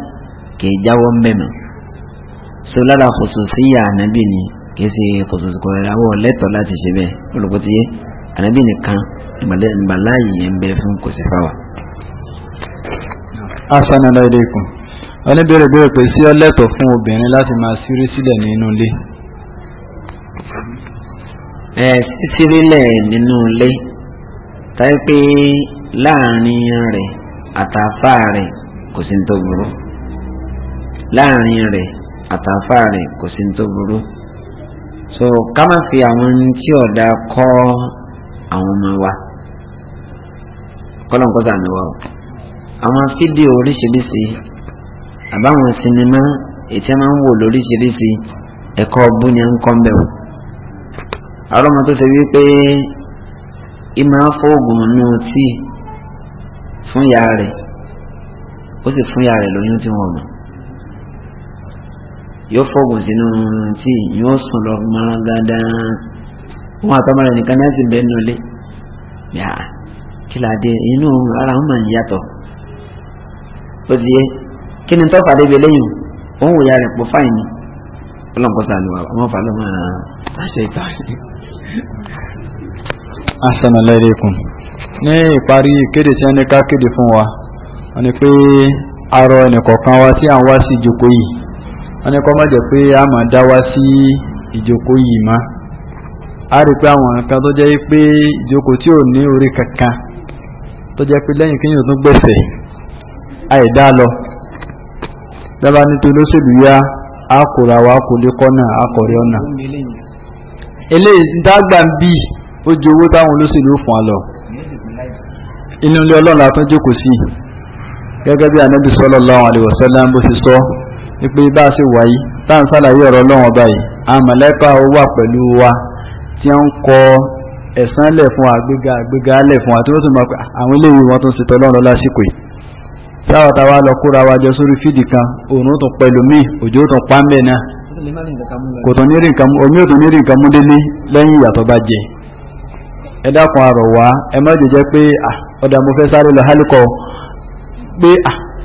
kì í jáwọ́ mbẹ́mọ̀ so lára kòsò yà ànábì ni kìí ṣe kòtòkò ìràwọ̀ lẹ́tọ̀ọ́ láti ṣe bẹ́ẹ̀ olùkọ́ ti yé ànábì nìkan ìgbàláyè yẹn ń bẹ fún kò sí fáwà. asana laideikun oníbèrè bèrè pé sí ọlẹ́tọ̀ fún obìnrin láti máa sírí sílẹ̀ nínú ilé. ẹ sísírílẹ̀ nínú ilé táyé pé láàrin rẹ̀ àtàfà rẹ̀ kò sí ní tó burú láàrin rẹ̀ àtàfà rẹ̀ kò sí ní tó burú. so kama fi àwọn tí ọ̀dà kọ́ àwọn ọmọ wa kọ́lọ̀ nǹkan sànù wa o àwọn fídíò oríṣiríṣi àbáwọn sinimá ètí a máa ń wò lóríṣiríṣi ẹ̀kọ́ ń kọ́ o àwọn ọmọ tó ṣe wípé ìmọ̀ fún rẹ̀ fún rẹ̀ lóyún tí wọ́n yóò fọwọ́ sínú tí yóò sùn lọ gbọ́n gángan wọn àtọ́mọ rẹ̀ nìkan náà sì bẹ́ẹ̀ nulẹ̀ yà kí la dé inú ara wọn máa ń yàtọ̀ ó ti yẹ kí ni tọ́fà débi lẹ́yìn òun wòye rẹ̀ pọ̀ fáìn ni ọlọ́nkọ́sá ni wà wọ́n fà ló máa ṣe ìta. Assalamu ní ìparí ìkéde tí wọ́n kéde fún wa wọ́n ní pé arọ ẹnìkọ̀ọ̀kan wa tí à ń wá sí ìjókòó yìí wọ́n ní kọ́ má jẹ́ pé a máa dá wá sí ìjókòó yìí má a rí pé àwọn kan tó jẹ́ pé ìjókòó tí ò ní orí kankan tó jẹ́ pé lẹ́yìn kéèyàn tún gbẹ̀sẹ̀ àìdá lọ dábàá nítorí olóṣèlú yá a kòra wa kò lè kọ́nà a kọ̀rẹ́ ọ̀nà eléyìí dágbà ń bí ó ju owó táwọn olóṣèlú fún wa lọ inú ilé ọlọ́run la tún jókòó sí gẹ́gẹ́ bí anábì ṣe wípé bá a ṣe wà yìí tá à ń ṣàlàyé ọ̀rọ̀ ọlọ́run ọba yìí àmọ̀lẹ́kà ó wà pẹ̀lú wa tí ó ń kọ ẹ̀sán lẹ̀ fún àgbéga àgbéga lẹ̀ fún àti lóṣù mọ̀pẹ́ àwọn eléyìí wọn tó ń ṣètò ọlọ́run lásìkò yìí táwọn táwa lọ kóra wa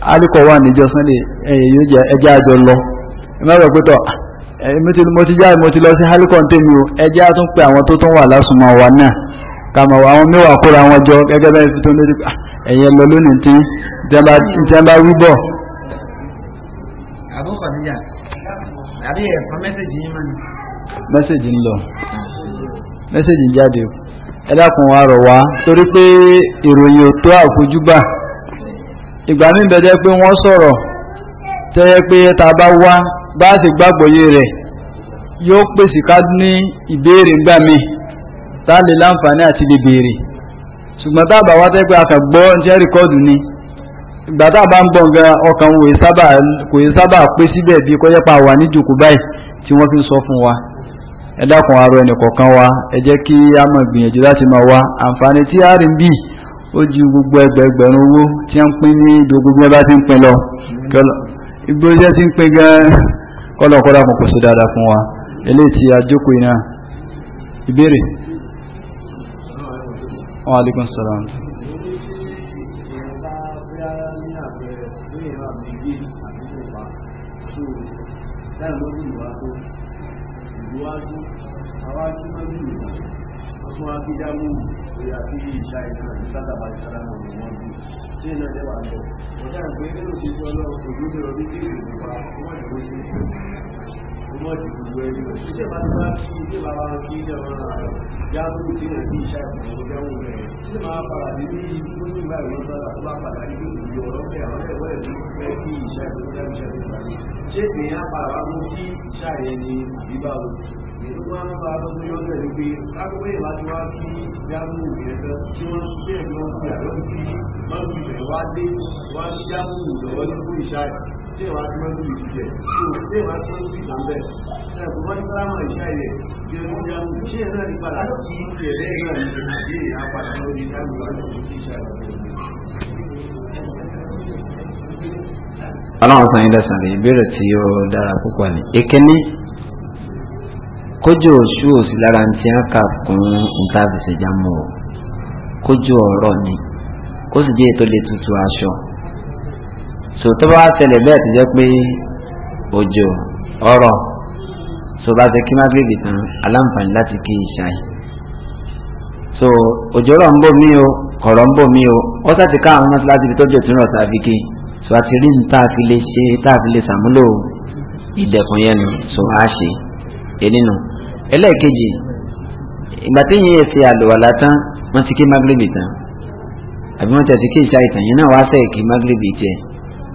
alikọ̀ wa níjọ sunday ẹ̀yìn eh, yóò jẹ́ àjọ lọ ìmọ̀ràn pẹ́tọ̀ ah, eh, mo ti mo ti lọ sí alikọ̀ ń tèmi o ẹjẹ́ àtún pé àwọn tó tún wà lásùnmọ̀ wa náà kàmọ̀ àwọn mẹ́wàá kóra wọn jọ gẹ́gẹ́ bẹ́ẹ̀ fi tó lórí ah, ẹ̀yẹ lọ lónìí ìgbà mí bẹ̀rẹ̀ pé wọ́n sọ̀rọ̀ tẹ́yẹ pé ta bá wá bá sì gbàgbọ́yé rẹ̀ yóò pèsè ká ní ìbéèrè ńgbà mí tá lè láǹfààní àti lè béèrè ṣùgbọ́n tá bá wá tẹ́ pé ni ìgbà tá bá ń bọ̀ gan ọkàn kò yẹ sábà pé síbẹ̀ bí kọ́jẹ́ pa wà ní jòkó báyìí tí wọ́n fi sọ wa ẹ dákun arọ ẹnì kọ̀ọ̀kan wa ẹ jẹ́ kí gbìyànjú láti máa ó ju gbogbo ẹgbẹgbẹ̀rún owó tí a ń pín ní gbogbo ẹbá tí ń pín lọ igbó iṣẹ́ tí ń pín gan kọ́lọ̀kọ́lá kò kò dáadáa fún wa eléyìí tí a jókòó iná ìbéèrè wọn alikun sọ̀rọ̀ àǹtí. Àwọn akíjámù ìyàfi ìṣàìdá sábàbà ìsálámù ní wọ́n bí tí iná jẹ́ wà lọ. Ọ̀dà ìgbé nínú ti sọ ọlọ́run kò ní mọ́ ti gbogbo ẹni lọ ṣíṣẹ́ bá ti bá kí ilé bàbá kí ilé ọmọ rẹ̀ já tó ti rẹ̀ sí iṣẹ́ ìpàdé ọjọ́ rẹ̀ ṣíṣẹ́ máa padà dé ní ìlú ní ìgbà ìwọ̀n sára tó bá padà ní ìlú ọ̀rọ̀ pé àwọn ẹ̀wọ́ ẹ̀ tó fẹ́ kí iṣẹ́ ìpàdé ọjọ́ rẹ̀ ṣé èèyàn padà wá mú kí iṣẹ́ rẹ̀ ní àbíbáwo ètò wọn bá bá tó yọ ọjọ́ ìlú pé kákòwé ìwádìí wá kí jámù ìrẹsẹ tí wọ́n ṣe ẹ̀gbọ́n fi àlọ́ sí mọ́tò ìbẹ̀ wá dé wá jámù lọ́wọ́ ní fún ìṣáà ṣé ìwà tí wọ́n ti jẹ ṣé ìwà tí wọ́n ti gbà ń bẹ̀ ṣe kò bá ní sálámà ìṣá yẹ ṣe ń ya ṣé ẹ̀ náà nípa láti kí ń rẹ̀ lẹ́yìn náà ní àdé àpàdé lórí ìdájọ́ àti ìṣá ọlọ́run sọ yín lẹ́sàn rẹ̀ ìbéèrè tí ó dára púpọ̀ ni ìkíní kójú òṣù òsì lára ti ń kà kún ìtàbí ṣèjámọ́ kójú ọ̀rọ̀ ni kó sì jẹ́ ètò lè tutù aṣọ so tó bá wá ṣẹlẹ̀ bẹ́ẹ̀ ti jẹ́ pé òjò ọ̀rọ̀ so bá ṣe kí má gbèbè tán aláǹfààní láti kí ìṣáì so òjò rọ̀ ń bò mí o kọ̀rọ̀ ń bò mí o wọ́n sá ti ká àwọn mọ́tò láti fi tọ́jú òtún rọ̀ tàbí kí so àti rí ní tá lè ṣe tá lè ṣàmúlò ìdẹ̀kùn yẹn nu so a ṣe é nínú ẹlẹ́ẹ̀kejì ìgbà tí yìnyín ṣe àlùwàlá tán wọ́n ti kí má gbèbè tán àbí wọ́n ti kí ìṣáì tàn yẹn kí má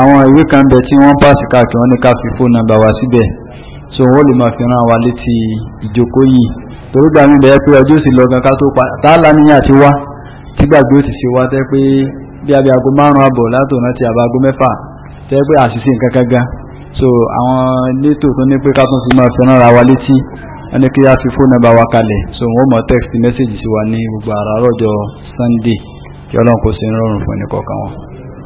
àwọn ìwé kan bẹ tí wọ́n pàṣẹ káàkiri wọn ní ká fi fóònù nàbà wá síbẹ̀ so wọ́n lè máa fi ran wa létí ìjókòó yìí torí gbà mí bẹ́ẹ̀ pé ọjọ́ òsì lọ gan ká tó pa tààlà níyà ti wá tígbàgbé òsì sí wa tẹ́ pé bí abẹ́ aago márùn-ún àbọ̀ látòun àti àbáago mẹ́fà tẹ́ pé àṣìṣe nǹkan kan so àwọn elétò tó ní pé ká tún fi máa fi ran wa létí wọ́n ní kí á fi fóònù nàbà wa kalẹ̀ so wọ́n mọ̀ text message sí wa ní gbogbo àràárọ̀ ọjọ́ Sunday kí Ọlọ́run kó ṣe ń rọrùn fún ẹnì wọn.